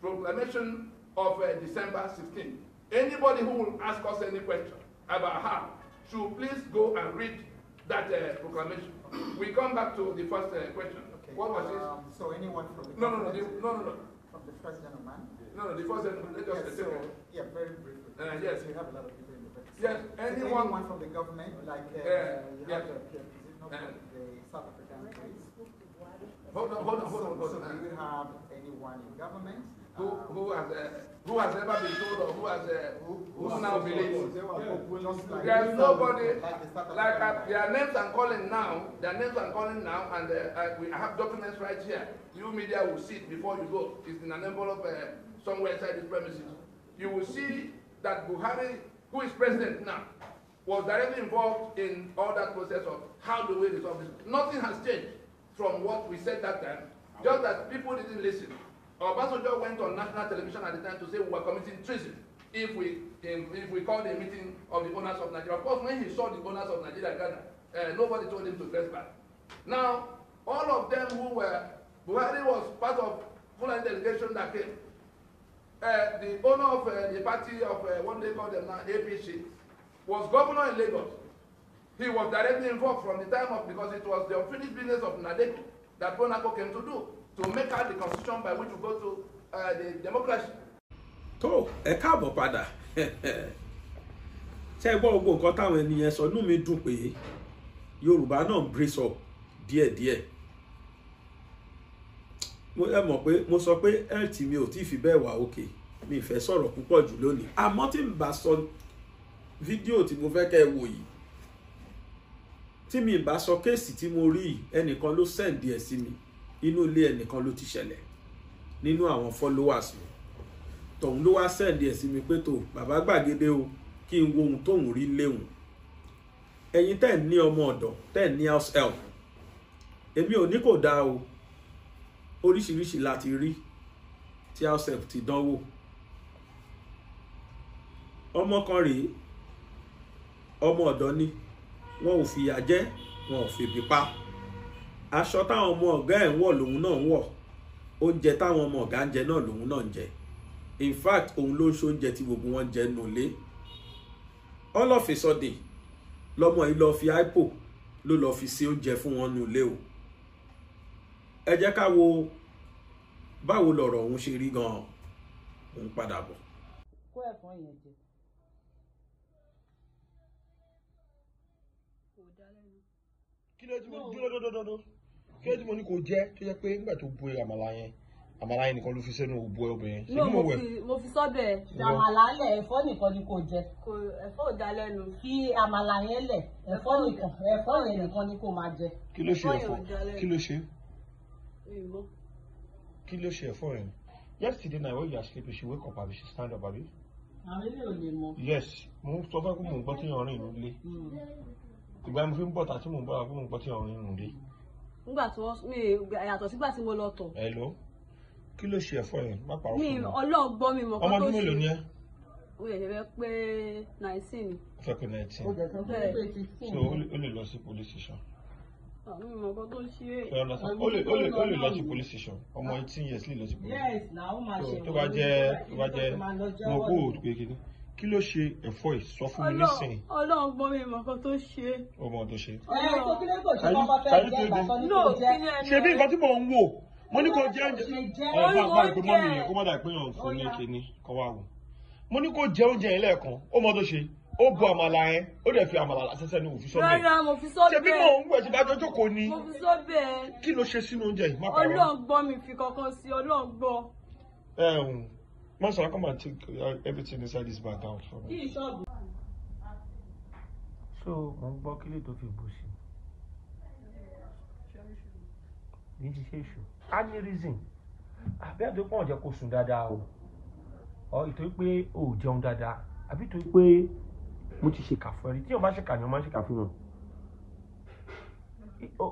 proclamation of uh, December 16. Anybody who will ask us any question about how should please go and read that uh, proclamation. we come back to the first uh, question. Okay. What was um, this? So anyone from the no no no, the, no no no from the first gentleman. No no the first gentleman. Let us yes, so, yeah, very briefly. Uh, yes, we have a lot of people in the back. Yes, so anyone, anyone, from the government, like uh, you have the, the South African. Hold on, hold on, hold on, hold on. So do you have anyone in government? Who, who has uh, who has ever been told or who has uh, who, who, who now believes? There is nobody like uh, their names are calling now. Their names are calling now, and uh, uh, we have documents right here. You media will see it before you go. It's in an envelope uh, somewhere inside this premises. You will see that Buhari, who is president now, was directly involved in all that process of how do we resolve this. Nothing has changed from what we said that time, just that people didn't listen. Obasanjo went on national television at the time to say we were committing treason if we um, if we called a meeting of the owners of Nigeria. Of course, when he saw the owners of Nigeria Ghana, uh, nobody told him to back. Now, all of them who were, Buhari was part of Fulani delegation that came. Uh, the owner of uh, the party of uh, what they call them now, APC, was governor in Lagos. He was directly involved from the time of, because it was the unfinished business of Nadeko that Bonaco came to do, to make out the constitution by which we go to uh, the democracy. To a cabo padà, ṣé ẹ gbọ́ gbogbo nǹkan táwọn ènìyàn sọ, inú mi dùn pé Yorùbá náà brace up Die die. Mo e mo pé mo sọ pé health mi O tí fi bẹ́ẹ̀ wà òkè, mi ì fẹ́ sọ̀rọ̀ púpọ̀ jù lónìí. Àmọ́ tí n bá sọ mo fẹ́ kẹ́ ẹ wò tí mi bá sọ kéèsì tí mo rí ẹnìkan ló sẹ́ǹdì ẹ̀ sí mi inú ilé ẹnìkan ló ti ṣẹlẹ̀ nínú àwọn followers mi tọ̀hún ló wá sẹ́ǹdì ẹ̀ sí mi pé tó bàbá gbàgede o kí n wo ohun tóun rí léhùn ẹ̀yin tẹ́ ẹ̀ ní ọmọ ọ̀dọ̀ tẹ́ ẹ̀ ní house help èmi ò ní kò dáa o oríṣiríṣi láti rí tí house help ti dánwò ọmọ kan rèé ọmọ ọ̀dọ̀ ni wọn ò fìyà jẹ wọn ò febi pa aṣọ táwọn ọmọ ọ̀gá ẹ̀ ń wọ̀ lòun náà ń wọ̀ oúnjẹ táwọn ọmọ ọ̀gá ń jẹ náà lòun náà ń jẹ in fact òun ló ń ṣe oúnjẹ tí gbogbo wọn jẹ nulẹ all of a sudden lọmọ yìí lọ fi ipo ló lọ fi ṣe oúnjẹ fún wọn nulẹ o ẹ jẹ́ ká wo báwo lọ̀rọ̀ òun ṣe rí gan òun padà bọ̀. kó ẹ̀fọn yẹn jẹ. kí ló ti mo dúró dódódódó kí ló ti mo ní kò jẹ́ tó jẹ́ pé nígbà tó bu àmàlà yẹn àmàlà yẹn nìkan ló fi sẹ́nu òbu ẹ obìnrin. no mo fi mo fi sọ́dọ̀ ẹ̀ àmàlà lẹ̀ ẹ̀fọ́ nìkan ni kò jẹ kò ò dá lẹ́nu. fi àmàlà yẹn lẹ̀ ẹ̀fọ́ nìkan ẹ̀fọ́ yẹn nìkan ni kò máa jẹ. kí ló ṣe ẹ̀fọ́ kí ló ṣe. kí ló ṣe ẹ̀fọ́ yẹn. yesterday night when you are sleeping she wake up abi she stand up abi. àwọn ilé ò lè mọ. yes mo sọ fún ẹ pé mo gbọ́ tí yàn rìn ló lé ìgbà mo fi ń bọ̀tà tí mò ń bọ̀tà fún mi pọ̀ tí ọ̀run ìrùn dé. nígbà tí wọ́n mi yàtọ̀ sígbà tí mo lọ tọ̀. ẹ ló kí ló ṣe ẹ̀fọ́ yẹn má pàrọ̀ fún mi. mi mi mọ̀ kó tó ṣe. ọmọ mélòó ni ẹ. o yẹ lè fẹ́ pé nineteen. o fẹ́ pé nineteen. o jẹ kan fún pé fifteen. so o lè lọ sí police station. àwọn ọmọ ọgbọ́n tó ṣe. o lè lọ sí police station ọmọ eighteen years lè lọ sí police station. yes na ó máa ṣe. tó bá jẹ́ tó bá jẹ́ mo kó òdùgbò kí ló ṣe ẹ̀fọ́ yìí sọ fún mi nísìnyí. ọlọ́run gbọ́ mi mọ̀ kan tó ṣe. ó mọ̀ tó ṣe. ọlọ́run tó kí ló kò ṣe pápá fẹ́ jẹ́ ìgbàkan ní kò jẹ́. ṣe bí nǹkan tí mò ń wò mo ní kò jẹ́ ọ̀pá àpá ìpè mọ́ mi yẹn kó má dà pé yàn fún ní kíní kọ́ wá wò. mo ní kò jẹ oúnjẹ yẹn lẹ́ẹ̀kan ó mọ̀ tó ṣe ó bu àmàlà yẹn ó dẹ̀ fi àmàlà sẹ́sẹ́ ní òfin sọ́bẹ̀. rárá mo fi sọ́bẹ̀. ṣe bí mò ń wẹ̀ tí bá jọjọ́ kò ní. mo fi sọ́bẹ̀. kí ló ṣe sínú oúnjẹ yìí má parọ́. ọlọ́run mi fi kankan sí ọlọ́run ẹ ǹ I come and take uh, everything inside this bag out for me. So, mo ń gbọ́ kí lè tó fi bù sí. Ní ti ṣe èṣù. A ní reason. Àbí àti pọ̀ jẹ́ kó sùn dáadáa o. Ọ ìtòrí pé o ò jẹun dáadáa. Àbí ìtòrí pé mo ti ṣèkà fún ẹ rí. Tí o bá ṣèkà ni o máa ṣèkà fún wọn.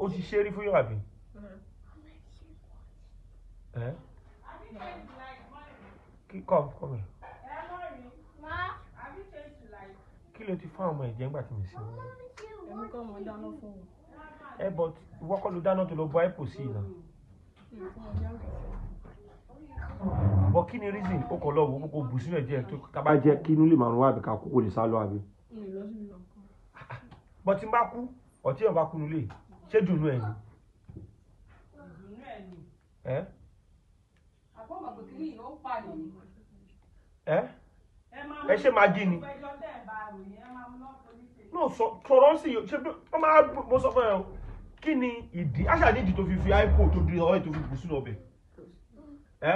O ti ṣe rí fún yóò àbí? Mm-hmm. Ẹ́ come come here. kí ló ti fún àwọn ẹ̀jẹ̀ ńgbà tí mi sí wọn. èmi kọ́ mo dáná fún wọn. ẹ bọ ìwọ kọ́ ló dáná tó lọ bọ àìpò sí i náà. bọ kí ni reason ó kọ lọ́wọ́ kókó bù sínú ẹ̀jẹ̀ tó ká bá jẹ́ kí inú lè máa rún wá àbí ká kókó lè sá lọ àbí. bọ tí n bá kú ọtí yẹn bá kú nulẹ̀ ṣé dùnú ẹ̀ ni. ẹ. Eh? àbọ̀ màgbẹ̀kì mi yìí ó pààyàn ni ẹ ẹ ṣe máa jí ni no sọ̀rọ̀ sí ṣe pé wọ́n máa mo sọ fún ẹ o kí ni ìdí àṣà ní ìdí tó fi fi àìkò tó di ọ̀rẹ́ tó fi bù sínú ọbẹ̀ ẹ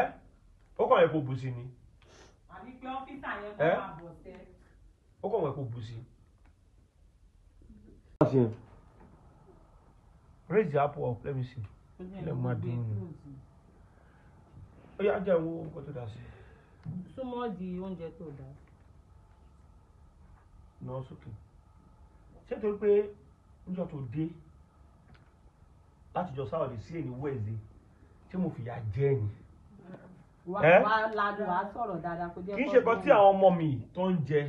ó kàn yẹ kó bù sí ni ẹ ó kàn yẹ kó bù sí. raise the apple up let me see let me ma dín in. ó yá jẹ́ ìwọ nǹkan súnmọ́ di oúnjẹ tó dáa. nà ọ sókè ṣé torí pé níjọ́ tó dé láti jọ sáwọ̀dì sí èyí wẹ̀ẹ́dẹ̀ tí mo fìyà jẹ́ ni kì í ṣe kan tí àwọn ọmọ mi tó ń jẹ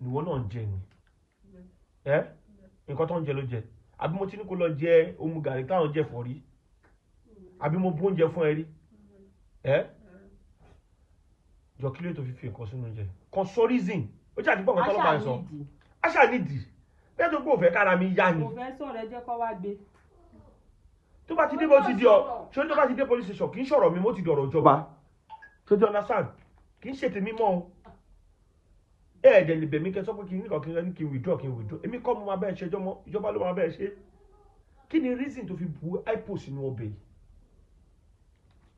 nìwọ náà ń jẹ ni nǹkan tó ń jẹ ló jẹ àbí mo ti ní kó lọ jẹ omu gàrí táwọn jẹ fọ rí àbí mo bóúnjẹ fún ẹ rí jọ kí ló tó fi fi nǹkan sínú oúnjẹ consorism ó jẹ́ àdúgbò ọ̀gá tọ́lọ́pàá sọ aṣá nídìí bẹ́ẹ̀ tó kó òfẹ́ kára mi yá ni. tó bá ti dé bó ti di ọ ṣé tó bá ti dé police station kì í ṣọ̀rọ̀ mi mo ti dọ̀rọ̀ ìjọba tó di understand kì í ṣe tèmi mọ́ o ẹ ẹ̀dẹ̀ lè bẹ̀ mí kẹ́ sọ pé kí n nìkan kí n kí n withdraw kí n withdraw èmi kọ́ mo máa bẹ́ẹ̀ ṣe ìjọba ló máa bẹ́ẹ̀ ṣe kí ni reason tó fi bu ipo sínú ọbẹ̀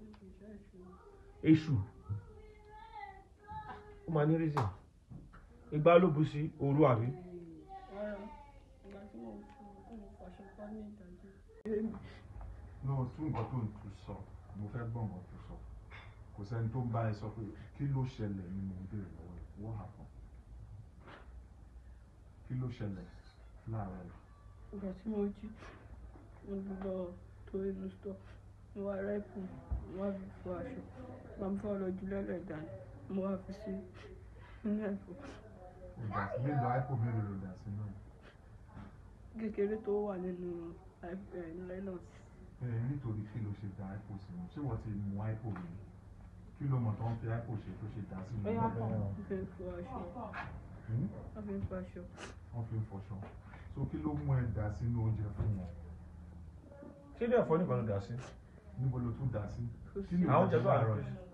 yìí èṣù ó máa ní reason ìgbà ló bu sí òru àbí. ní o tún nǹkan tó ń tu sọ kò sẹ́ni tó ń bá ẹ sọ pé kí ló ṣẹlẹ̀ ni mo ń béèrè lọ́wọ́ ẹ̀ what happened kí ló ṣẹlẹ̀ láàárọ̀ ẹ̀. ìgbà tí mo jí mo lọ tó ìlú stọ mo wá rẹ́pù mo wá fi fọ aṣọ máa ń fọ́ lọ jù lẹ́lẹ̀ dání mo wá fi sí inú ẹ̀fọ́. ìdásí mélòó àìpò mélòó ló dà sínú ẹ̀. kékeré tó wà nínú eh, nylons. ẹ nítorí kí ló ṣe da àìpò sínú ṣé wọ́n ti mú àìpò mi kí ló mọ̀ tó ń fi àìpò ṣe tó ṣe dà sínú ẹ̀. Hmm? wọ́n fi ń fọ aṣọ. wọ́n fi ń fọ aṣọ. wọ́n fi ń fọṣọ so kí ló mú ẹ dà sínú oúnjẹ fún wọn. kí ló ẹ̀fọ́ níbo ló dà sí. níbo ló tún dà sí. àwọn oúnjẹ tó àrọ̀ yìí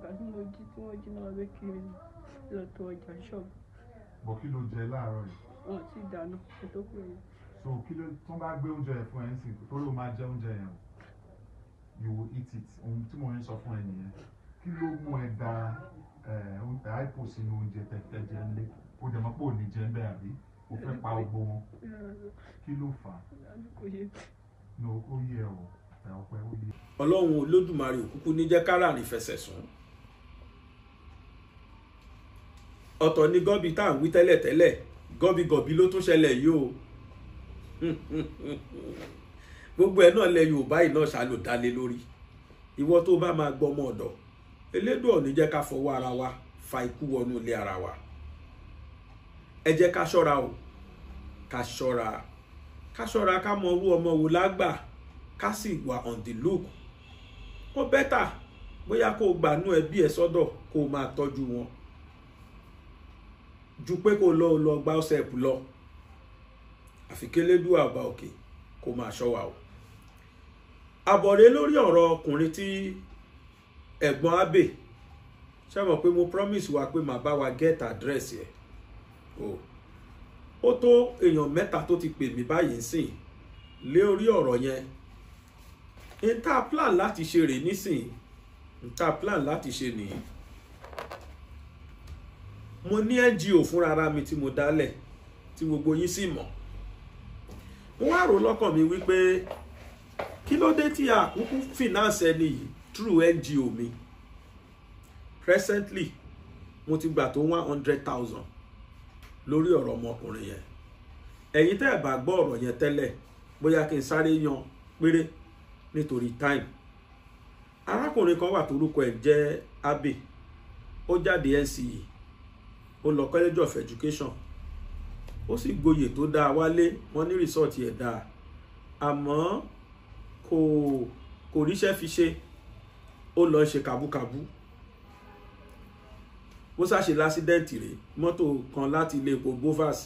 ìgbà tí mo jí tí wọ́n jí náà pé kí n lọ tó ọjà ṣọ́ọ̀bù. bọ̀ kí ló jẹ láàárọ̀ yìí. wọn ò tí ì dáná kó tó kúrò yẹn. so kí ló tó bá gbé oúnjẹ yẹn fún ẹ nsìn tó ló máa jẹ oúnjẹ yẹn o you will eat it ohun tí mo ń sọ fún ẹ nìyẹn kí ló mú ẹ da àìpò sínú oúnjẹ tẹ̀tẹ̀ jẹ ńlẹ̀ kó jẹ mọ́ pé ò ní jẹ ń bẹ́ àbí o fẹ́ pa gbogbo wọn kí ló fà á ọlọ́run olódùmarè òkúkú ní jẹ́ káràrin fẹsẹ̀ sùn ọ̀tọ̀ ni gọ́bí tá à ń wí tẹ́lẹ̀ tẹ́lẹ̀ gọ́bígọ́bí ló tún ṣẹlẹ̀ yìí o gbogbo ẹ̀ náà lẹ Yorùbá yìí náà ṣàlò dálé lórí ìwọ tó bá máa gbọ́ ọmọ ọ̀dọ̀ Elédùà ò ní jẹ́ ká fọwọ́ ara wa fa ikú wọnú ilé ara wa ẹ jẹ́ ká ṣọ́ra o ká ṣọ́ra ká ṣọ́ra ká mọ owó ọmọ wo lágbà ká sì wà on the look ó bẹ́tà bóyá kó gbà nú ẹbí ẹ sọ́dọ̀ kó máa tọ́jú wọn ju pé kó lọ lọ gba ọsẹ̀pù lọ àfi kélédú àbá òkè kó máa ṣọ́ wa o àbọ̀rẹ́ lórí ọ̀rọ̀ ọkùnrin tí ẹ̀gbọ́n abe ṣe mọ̀ pé mo promise wa pé màá bá wa get address yẹ o ó tó èèyàn mẹ́ta tó ti pè mí báyìí nsìn lé orí ọ̀rọ̀ yẹn n ta plan láti ṣe rè nísìn n ta plan láti ṣe nìyí mo ní ngo fúnra mi tí mo dálẹ̀ tí gbogbo yín sì mọ̀ mo wá rò lọ́kàn mi wípé kí ló dé tí àkúkú finance ẹni yìí through ngo mi presently mo ti gbà tó one hundred thousand lórí ọ̀rọ̀ ọmọkùnrin yẹn ẹ̀yin tẹ́ ẹ̀ bá gbọ́ ọ̀rọ̀ yẹn tẹ́lẹ̀ bóyá kí n sáré yan péré nítorí time arákùnrin kan wà torúkọ ẹ̀ jẹ́ abe ó jáde NCE ó lọ college of education ó sì gboyè tó dáa wálé wọ́n ní rìsọ́ọ̀tì ẹ̀ dáa àmọ́ kò kò ríṣẹ́ fi ṣe ó lọ ṣe kàbúkàbú bó ṣàṣe lásídẹ́ǹtì rèé mọ́tò kan láti ilé epo bovas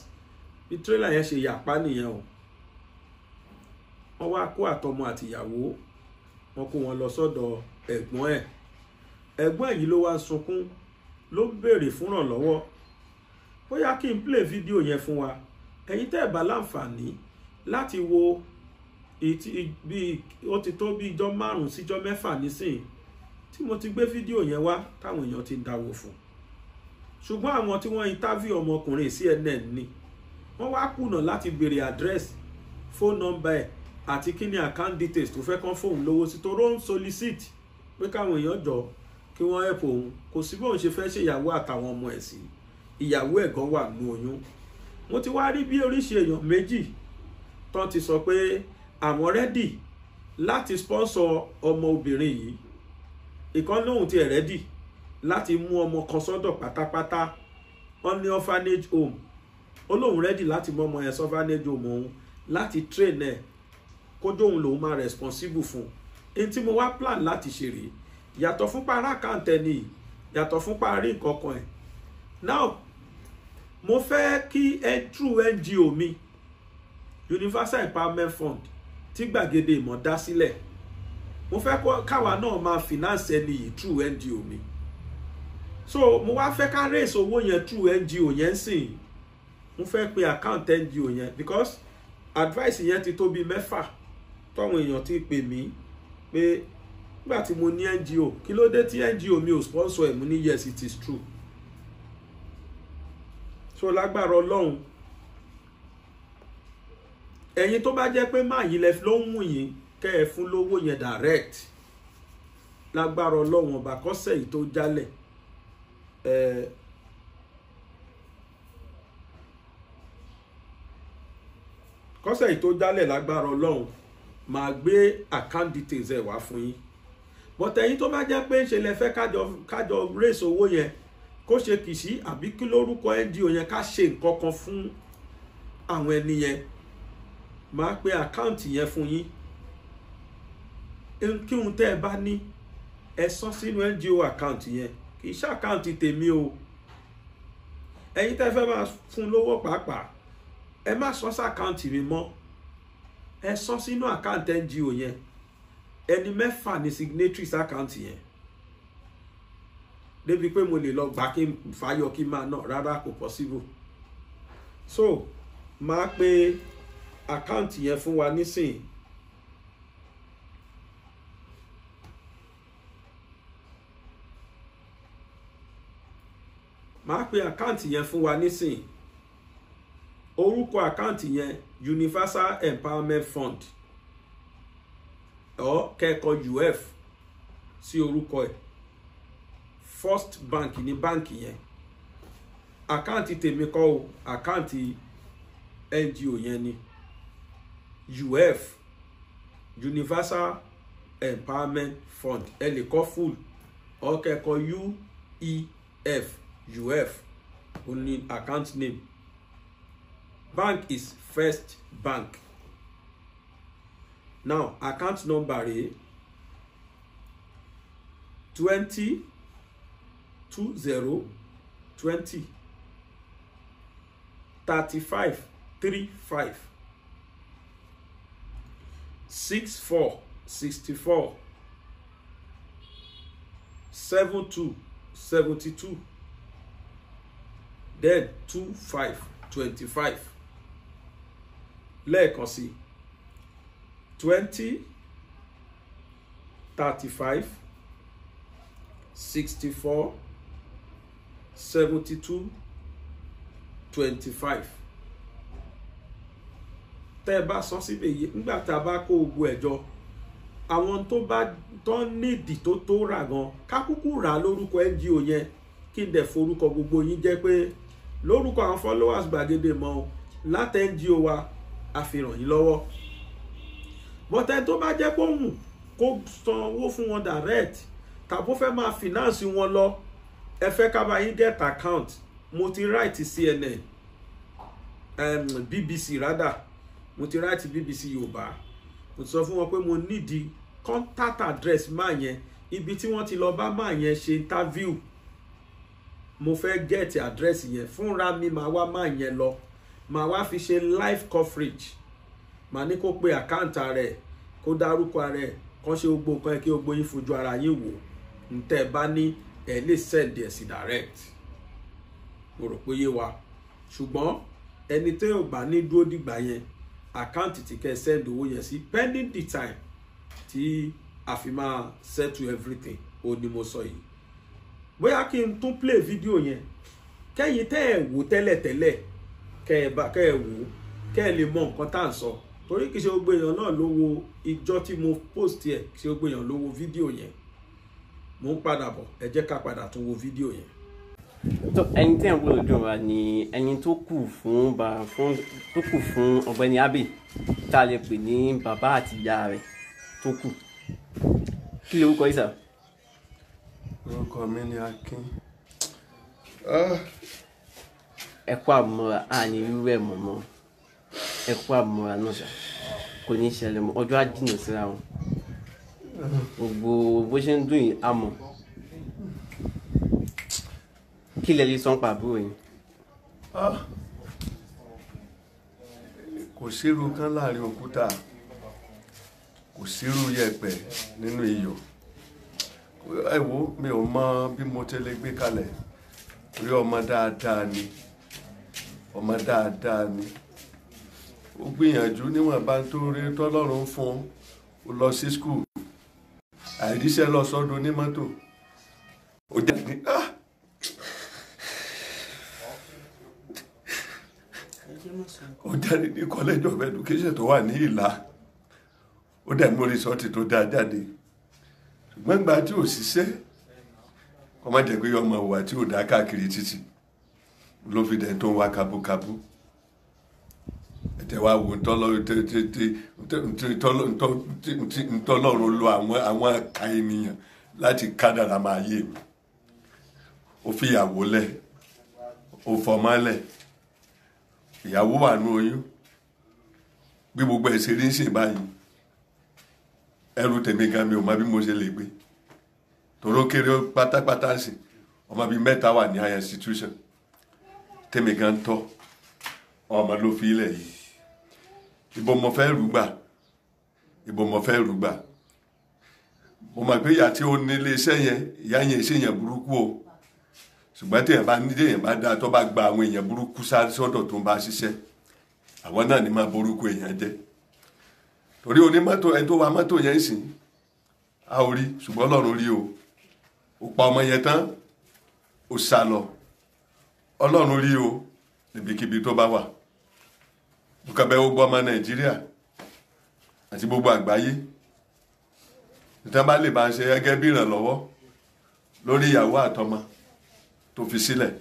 bí tírélà yẹn ṣe yàpá nìyẹn o wọ́n wá kó àtọmọ àtìyàwó wọ́n kó wọn lọ sọ́dọ̀ ẹ̀gbọ́n ẹ̀ ẹ̀gbọ́n yìí ló wá sunkún ló béèrè fúnrànlọ́wọ́ bóyá kí n play fídíò yẹn fún wa ẹ̀yin tẹ́ ẹ̀ bá láǹfààní láti wo bí ó ti tó bí ijọ́ márùn-ún síjọ́ mẹ́fà nísìnyí tí mo ti gbé fídíò yẹn wá táwọn èèyàn ti ń dáwó fún ṣùgbọ́n àwọn tí wọ́n interview ọmọkùnrin CNN ni wọ́n wá kùnà láti béèrè address phone number ẹ̀ àti kí ni account details tó fẹ́ kán fóun lówó sí toró ń solicit pé káwọn èèyàn jọ kí wọ́n help òun kò sí bóun ṣe fẹ́ ṣèyàwó àtàwọn ọmọ ẹ̀ sí i ìyàwó ẹ̀ gan wà nù oyún mo ti wá rí bí oríṣi èèyàn méjì tán ti sọ pé àwọn rẹ́dì láti sponsor ọmọ obìnrin yìí ìkan lóhùn ti ẹ̀ rẹ́dì láti mú ọmọ kan sọ́dọ̀ pátápátá wọ́n ní orphanage home ó lóun rẹ́dì láti mú ọmọ yẹn orphanage home òun láti train ẹ̀ kójú òun lòun máa responsible fún un tí mo wá plan láti ṣe rèé yàtọ̀ fún para kàǹtẹ̀ nìyí yàtọ̀ fún parí nǹkan kan ẹ̀ now mo fẹ́ kí ẹ true NGO mi Universal Empowerment Fund tí gbàgede ìmọ̀ dá sílẹ̀ mo fẹ́ káwa náà máa finance ẹni yìí true NGO mi so mo wá fẹ́ ká raise owó yẹn true NGO yẹn sìn mo fẹ́ pe account NGO yẹn because advice yẹn ti tó bíi mẹ́fà tọ́wọn èèyàn ti pè mí pé nígbà tí mo ní NGO kí ló dé tí NGO mi ò sponsor ẹ̀ mo ní yes it is true so lágbára ọlọ́run ẹ̀yin tó bá jẹ́ pé máyì lẹ ló ń mú yín kẹ́ ẹ fún lówó yẹn direct lágbára ọlọ́run ọba kọ́sẹ̀ yìí tó jálẹ̀ ẹ kọ́sẹ̀ yìí tó jálẹ̀ lágbára ọlọ́run màá gbé account details ẹ̀ wá fún yín but ẹ̀yin tó bá jẹ́ pé ń ṣe lẹ fẹ́ kájọ kájọ raise owó yẹn kó ṣe kìsì àbí kí lórúkọ NGO yẹn ká ṣe nǹkan kan fún àwọn ẹni yẹn máa pe àkáǹtì yẹn fún yín kí ohun tẹ́ ẹ bá ní ẹ sọ sínú NGO àkáǹtì yẹn kì í ṣe àkáǹtì tèmi o ẹ̀yin tẹ́ fẹ́ máa fún lówó pàápàá ẹ má sọ sí àkáǹtì mi mọ́ ẹ sọ sínú àkáǹtì NGO yẹn ẹni mẹ́fà ní signatories àkáǹtì yẹn débi pé mo lè lọ gbà kí n fàyọ kí máa nà rárá kò possible so máa pe àkáǹtì yẹn fún wa nísìnyí máa pe àkáǹtì yẹn fún wa nísìnyí orúkọ àkáǹtì yẹn Universal Empowerment Fund ọ̀ kẹ́kọ̀ọ́ UF sí orúkọ ẹ̀ first bank ní báǹkì yẹn àkáǹtì tèmi kọ́ o àkáǹtì ngo yẹn ni uf universal empowerment fund ẹ lè kọ́ full ọ̀kẹ́kọ̀ uef uf òun ni account name bank is first bank now account number rèé twenty two zero twenty thirty five three five six four sixty four seven two seventy two then two five twenty five lẹ́ẹ̀kan sí twenty thirty five sixty four. 72, 25. twenty five tẹ́ ẹ bá sọ síbẹ̀ yìí nígbà tá a bá kó ogun ẹ̀ jọ àwọn tó bá tán nídìí tó tó rà gan kákúkú rà lórúkọ ngo yẹn kí n dẹ̀ forúkọ gbogbo yín jẹ́ pé lórúkọ àwọn followers gbàgede mọ́ o láti ngo wa àfihàn yín lọ́wọ́ bọ́tẹ́ tó bá jẹ́ pé òun kó sanwó fún wọn direct tàbó fẹ́ máa fìnáǹsì wọn lọ ẹ fẹ́ ká bá yín get account mo ti write CNN um, BBC rather mo ti write BBC Yorùbá mo ti sọ fún wọn pé mo nídìí contact address máa yẹn ibi tí wọ́n ti lọ bá máa yẹn ṣe interview mo fẹ́ get address yẹn fúnra mi màá wá máa yẹn lọ màá wá fi ṣe live coverage màá ní kó pe àkáǹtì rẹ̀ kó dárúkọ rẹ̀ kán ṣe gbogbo nǹkan kí gbogbo yín fojú ara yín wò ntẹ́ bá ní ẹ lè send ẹ̀ sí direct mo rò pé yé wa ṣùgbọ́n ẹni tó yóò gbà ní dúró dìgbà yẹn àkáǹtì tí kẹ́ send owó yẹn sí pending the time tí a fi máa settle everything ó ní mo sọ yìí bóyá kí n tún play fídíò yẹn kẹ́yìn tẹ́ ẹ̀ wò tẹ́lẹ̀tẹ́lẹ̀ kẹ́ ẹ̀ bá kẹ́ ẹ̀ wò kẹ́ ẹ̀ lè mọ nǹkan tá à ń sọ torí kì í ṣe gbogbo èèyàn náà ló wo tí mo post ẹ̀ kì í ṣe gbogbo èèyàn ló wo yẹn mo ń padà bọ̀ ẹ jẹ́ ká padà tún wo fídíò yẹn. tó ẹni tí ẹ̀ ń gbọ́dọ̀ dùn wá ni ẹni tó kù fún tó kù fún ọ̀gbẹ́ni Abbey tá a lè pè ní bàbá àti ìyá rẹ̀ tó kù kí lorúkọ yìí sà. orúkọ mi ni Akin. Ah. ẹ kú àmúra àní irú ẹ̀ mọ̀ mọ́ ẹ kú àmúra náà sà kò ní í ṣẹlẹ̀ mọ́ ọjọ́ á jìnnà síra wọn gbogbo bó ṣe ń dùn yìí a mọ̀ kí lè lè sọ́n pàbúrò yìí. Ah! kò sírú kan láàrin òkúta kò sírú yẹ̀pẹ̀ nínú iyọ̀ ẹ wo mi ò mọ bí mo tẹlẹ gbé kalẹ̀ torí ọmọ dáadáa ni ọmọ dáadáa ni ó gbìyànjú níwọ̀n bá ń tó rí tọ́lọ́run fún un ó lọ sí skul àìríṣẹ́ lọ sọ́dọ̀ onímọ́tò ó jẹ́ ní. Ah! ó jáde ní college of education tó wà ní ìlà ó dẹ̀ mú rìsọ́ọ̀tì tó dáa jáde ṣùgbọ́n ìgbà tí ò ṣiṣẹ́ ọmọ jẹ́ pé ọmọ ìwà tí ò dá káàkiri títì ló fi dẹ̀ tó ń wá kabúkabú. kabu tẹ wá wo ntọ́lọ́run lo àwọn àwọn àka ènìyàn láti kádàrà máa yé mi ó fi ìyàwó lẹ̀ ó fọmọ lẹ̀ ìyàwó wà nú oyún bí gbogbo ẹ̀ ṣe rí ń ṣe báyìí ẹrù tèmi gan mi ò mọ bí mo ṣe lè gbé tòró kéré pátápátá ń sìn ọmọ bíi mẹ́ta wà ní higher institution tèmi gan tọ́ ọmọ ló fi ilẹ̀ yìí ibo mo fẹ́ rúgbà ibo mo fẹ́ rúgbà mo mọ̀ pé ìyá tí ó ní iléeṣẹ́ yẹn ìyá yẹn ṣe yẹn burúkú o ṣùgbọ́n téèyàn bá ní téèyàn bá dáa tó bá gba àwọn èèyàn burúkú sọ́dọ̀ tó ń bá ṣiṣẹ́ àwọn náà ní máa borúkú èèyàn jẹ́ torí onímọ́tò ẹni tó wa mọ́tò yẹn sìn á ò rí ṣùgbọ́n ọlọ́run rí o ò pa ọmọ yẹn tán ò sá lọ ọlọ́run rí o níbikíbi tó bá wà mo kàn bẹ̀ gbogbo ọmọ nàìjíríà àti gbogbo àgbáyé nítorí bá lè bá ń ṣe gẹ́gẹ́ bí ìrànlọ́wọ́ lórí ìyàwó àtọmọ tó fi sílẹ̀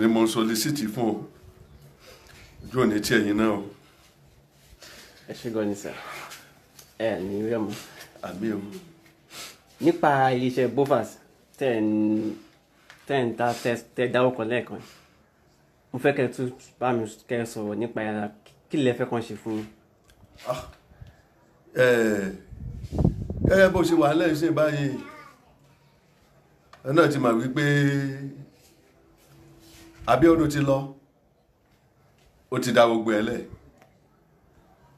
ni mo solicite fún o ojú òní tí ẹ̀yin náà o. ẹ ṣe gan ni sà ẹ ní rẹ mọ. àmì o. nípa iléeṣẹ́ bovas tẹ̀ ń tẹ̀ ń ta tẹ̀ dáwọ́ kan lẹ́ẹ̀kan yìí mo fẹ́ kẹ́ tún bá mi kẹ́ sọ̀rọ̀ nípa ẹ̀rọ kí lè fẹ́ kàn ṣe fún mi. Ah, gẹ́gẹ́ bó ṣe wà lẹ́yìn ṣe báyìí ẹ náà ti mà wípé Abíọ́dún ti lọ ó ti da gbogbo ẹ̀ lẹ̀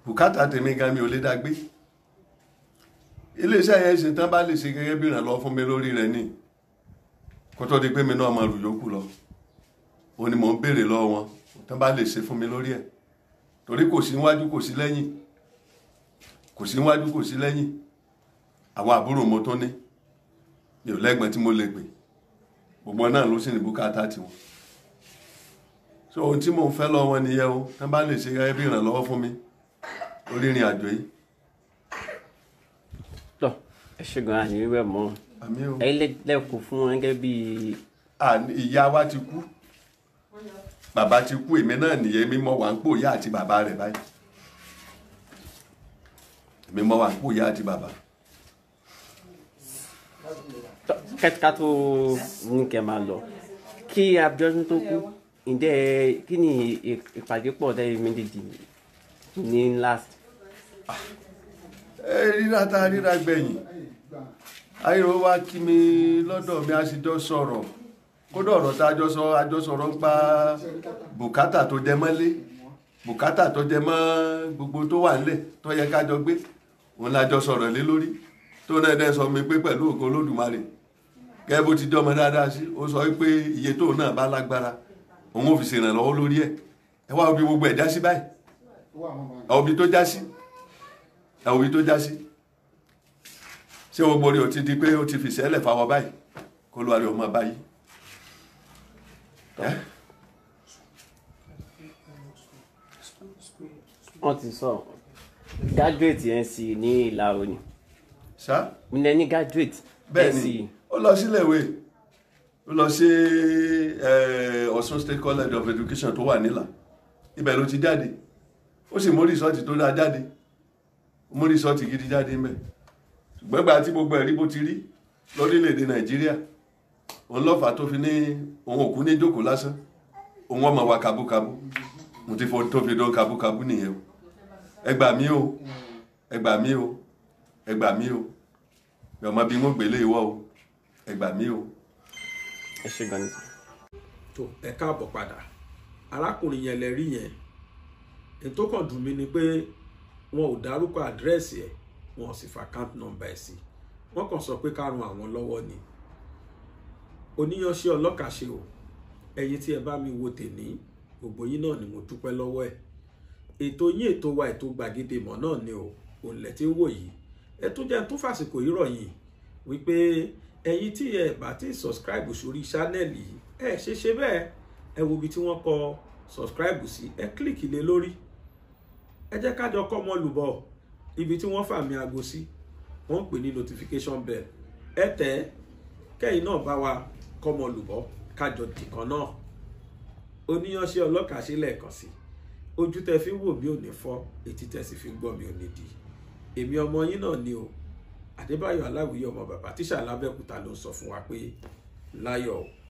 bùkátà tèmi gan mi ò lè dá gbé iléeṣẹ́ yẹn ṣe tán bá lè ṣe gẹ́gẹ́ bí ìrànlọ́wọ́ fún mi lórí rẹ̀ ni kó tó di pé mi náà máa rù yókù lọ òun ni mò ń béèrè lọ́wọ́ wọn tán bá lè ṣe fún mi lórí ẹ̀ torí kò sí níwájú kò sí lẹ́yìn kò sí níwájú kò sí lẹ́yìn àwọn àbúrò mo tó ní mi ò lẹ́gbọ̀n tí mo lè gbè gbogbo náà ló sì ní bùkátà tiwọn so ohun tí mò ń fẹ́ lọ́wọ́ nìyẹn o tán bá lè ṣe gẹ́gẹ́ bí ìrànlọ́wọ́ fún mi lórí ìrìn àjò yìí. lọ ẹ ṣe gan àyè wẹ mọ ẹ lẹkùn fún wọn gẹ́gẹ́ bí. ìyá wa ti kú bàbá ti kú èmi náà nìyẹn mi mọ̀ wá ń pò ìyá àti bàbá rẹ̀ báyìí èmi mọ̀ wá ń pò ìyá àti bàbá. kẹ́tíkà tó ní kẹ́ máa lọ kí Abíọ́dún tó kú ǹjẹ́ kí ni ìpàdé pọ̀ lẹ́yìn méjèèjì ní last. ẹ ríra ta ríra gbẹ̀yìn ayọ̀ wa kí mi lọ́dọ̀ mi a sì jọ sọ̀rọ̀ kódà ọ̀rọ̀ tá a jọ sọ ń pa bùkátà tó jẹ mọ́lé bùkátà tó jẹ mọ́ gbogbo tó wà nílẹ̀ tó yẹ ká jọ gbé òun la jọ sọ̀rọ̀ lé lórí tó náà dẹ́ sọ mi pé pẹ̀lú ògo Olódùmarè gẹ́gẹ́ bó ti jọ́ ọmọ dáadáa sí ó sọ pé iye tóun náà bá lágbára òun ò fi ṣèrànlọ́wọ́ lórí ẹ̀ ẹ wá òbí gbogbo ẹ̀ já sí báyìí òbí tó tó já sí ṣé gbogbo rẹ̀ ò ti di pé ó ti fi sẹ́lẹ̀ fáwọn báyìí kó lóore ọmọ báyìí. Tọ́. wọ́n ti sọ graduate nc ní ìlà òní. ṣá. mi lẹ ní graduate nc. bẹ́ẹ̀ni ó lọ sílé ìwé ó lọ sí Ọ̀ṣun State College of Education tó wà nílà ibẹ̀ ló ti jáde ó sì mú rìsọ́ọ̀tì tó dáa jáde mú rìsọ́ọ̀tì gidi jáde ńbẹ̀ ṣùgbọ́n ìgbà tí gbogbo ẹ̀rí bó ti rí lórílẹ̀‐èdè Nàìjíríà òun lọ́fà tó fi ní òun òkú ní jókòó lásán òun ọmọ wa kabúkabú mo ti fọ tó fi dán kabúkabú nìyẹn o ẹ gbà mí o ẹ gbà mí o ẹ gbà mí o ẹ ọmọ bí wọn gbélé ìwọ o ẹ gbà o. ẹ ṣe gan ni. tó ẹ káàbọ̀ padà arákùnrin yẹn lẹ rí yẹn ètò kan dùn mí ni pé wọn ò dárúkọ àdírẹ́sì ẹ̀ wọn ò sì fa account number ẹ̀ sí wọ́n kàn sọ pé ká ran àwọn lọ́wọ́ ni oníyanṣẹ́ ọlọ́kàṣe o ẹ̀yin tí ẹ bá mi wo tèmi gbogbo yín náà ni mo dúpẹ́ lọ́wọ́ ẹ̀ ètò yín ètò wa ètò gbàgede mọ̀ náà ni o òǹlẹ̀ tí ń wò yìí ẹ tún jẹ́ tún fàsìkò yìí rọ̀ wípé ẹ̀yin tí ẹ bá ti subscribe sórí ṣánẹ́ẹ̀lì yìí ẹ ṣe ṣe bẹ́ẹ̀ ẹ wo ibi tí wọ́n kọ subscribe sí ẹ kílìkì lé lórí ẹ jẹ́ kájọ kọ́ mọ́ lùbọ̀ ibi tí wọ́n fàmì aago sí wọ́n ń pè ní notification bell ẹ tẹ̀ kẹ́yìn náà bá wa kọ́mọ lùbọ́ kájọ dìkan náà oníyanṣẹ́ ọlọ́kà ṣe lẹ́ẹ̀kan sí ojú tẹ fi ń wò mí ò ní fọ́ etí tẹ sì fi ń gbọ́ mi ò ní di èmi ọmọ yín náà ni o Adébáyọ̀ Aláwìyé ọmọ bàbá tíṣà lábẹ́kúta ló ń sọ fún wa pé láyọ̀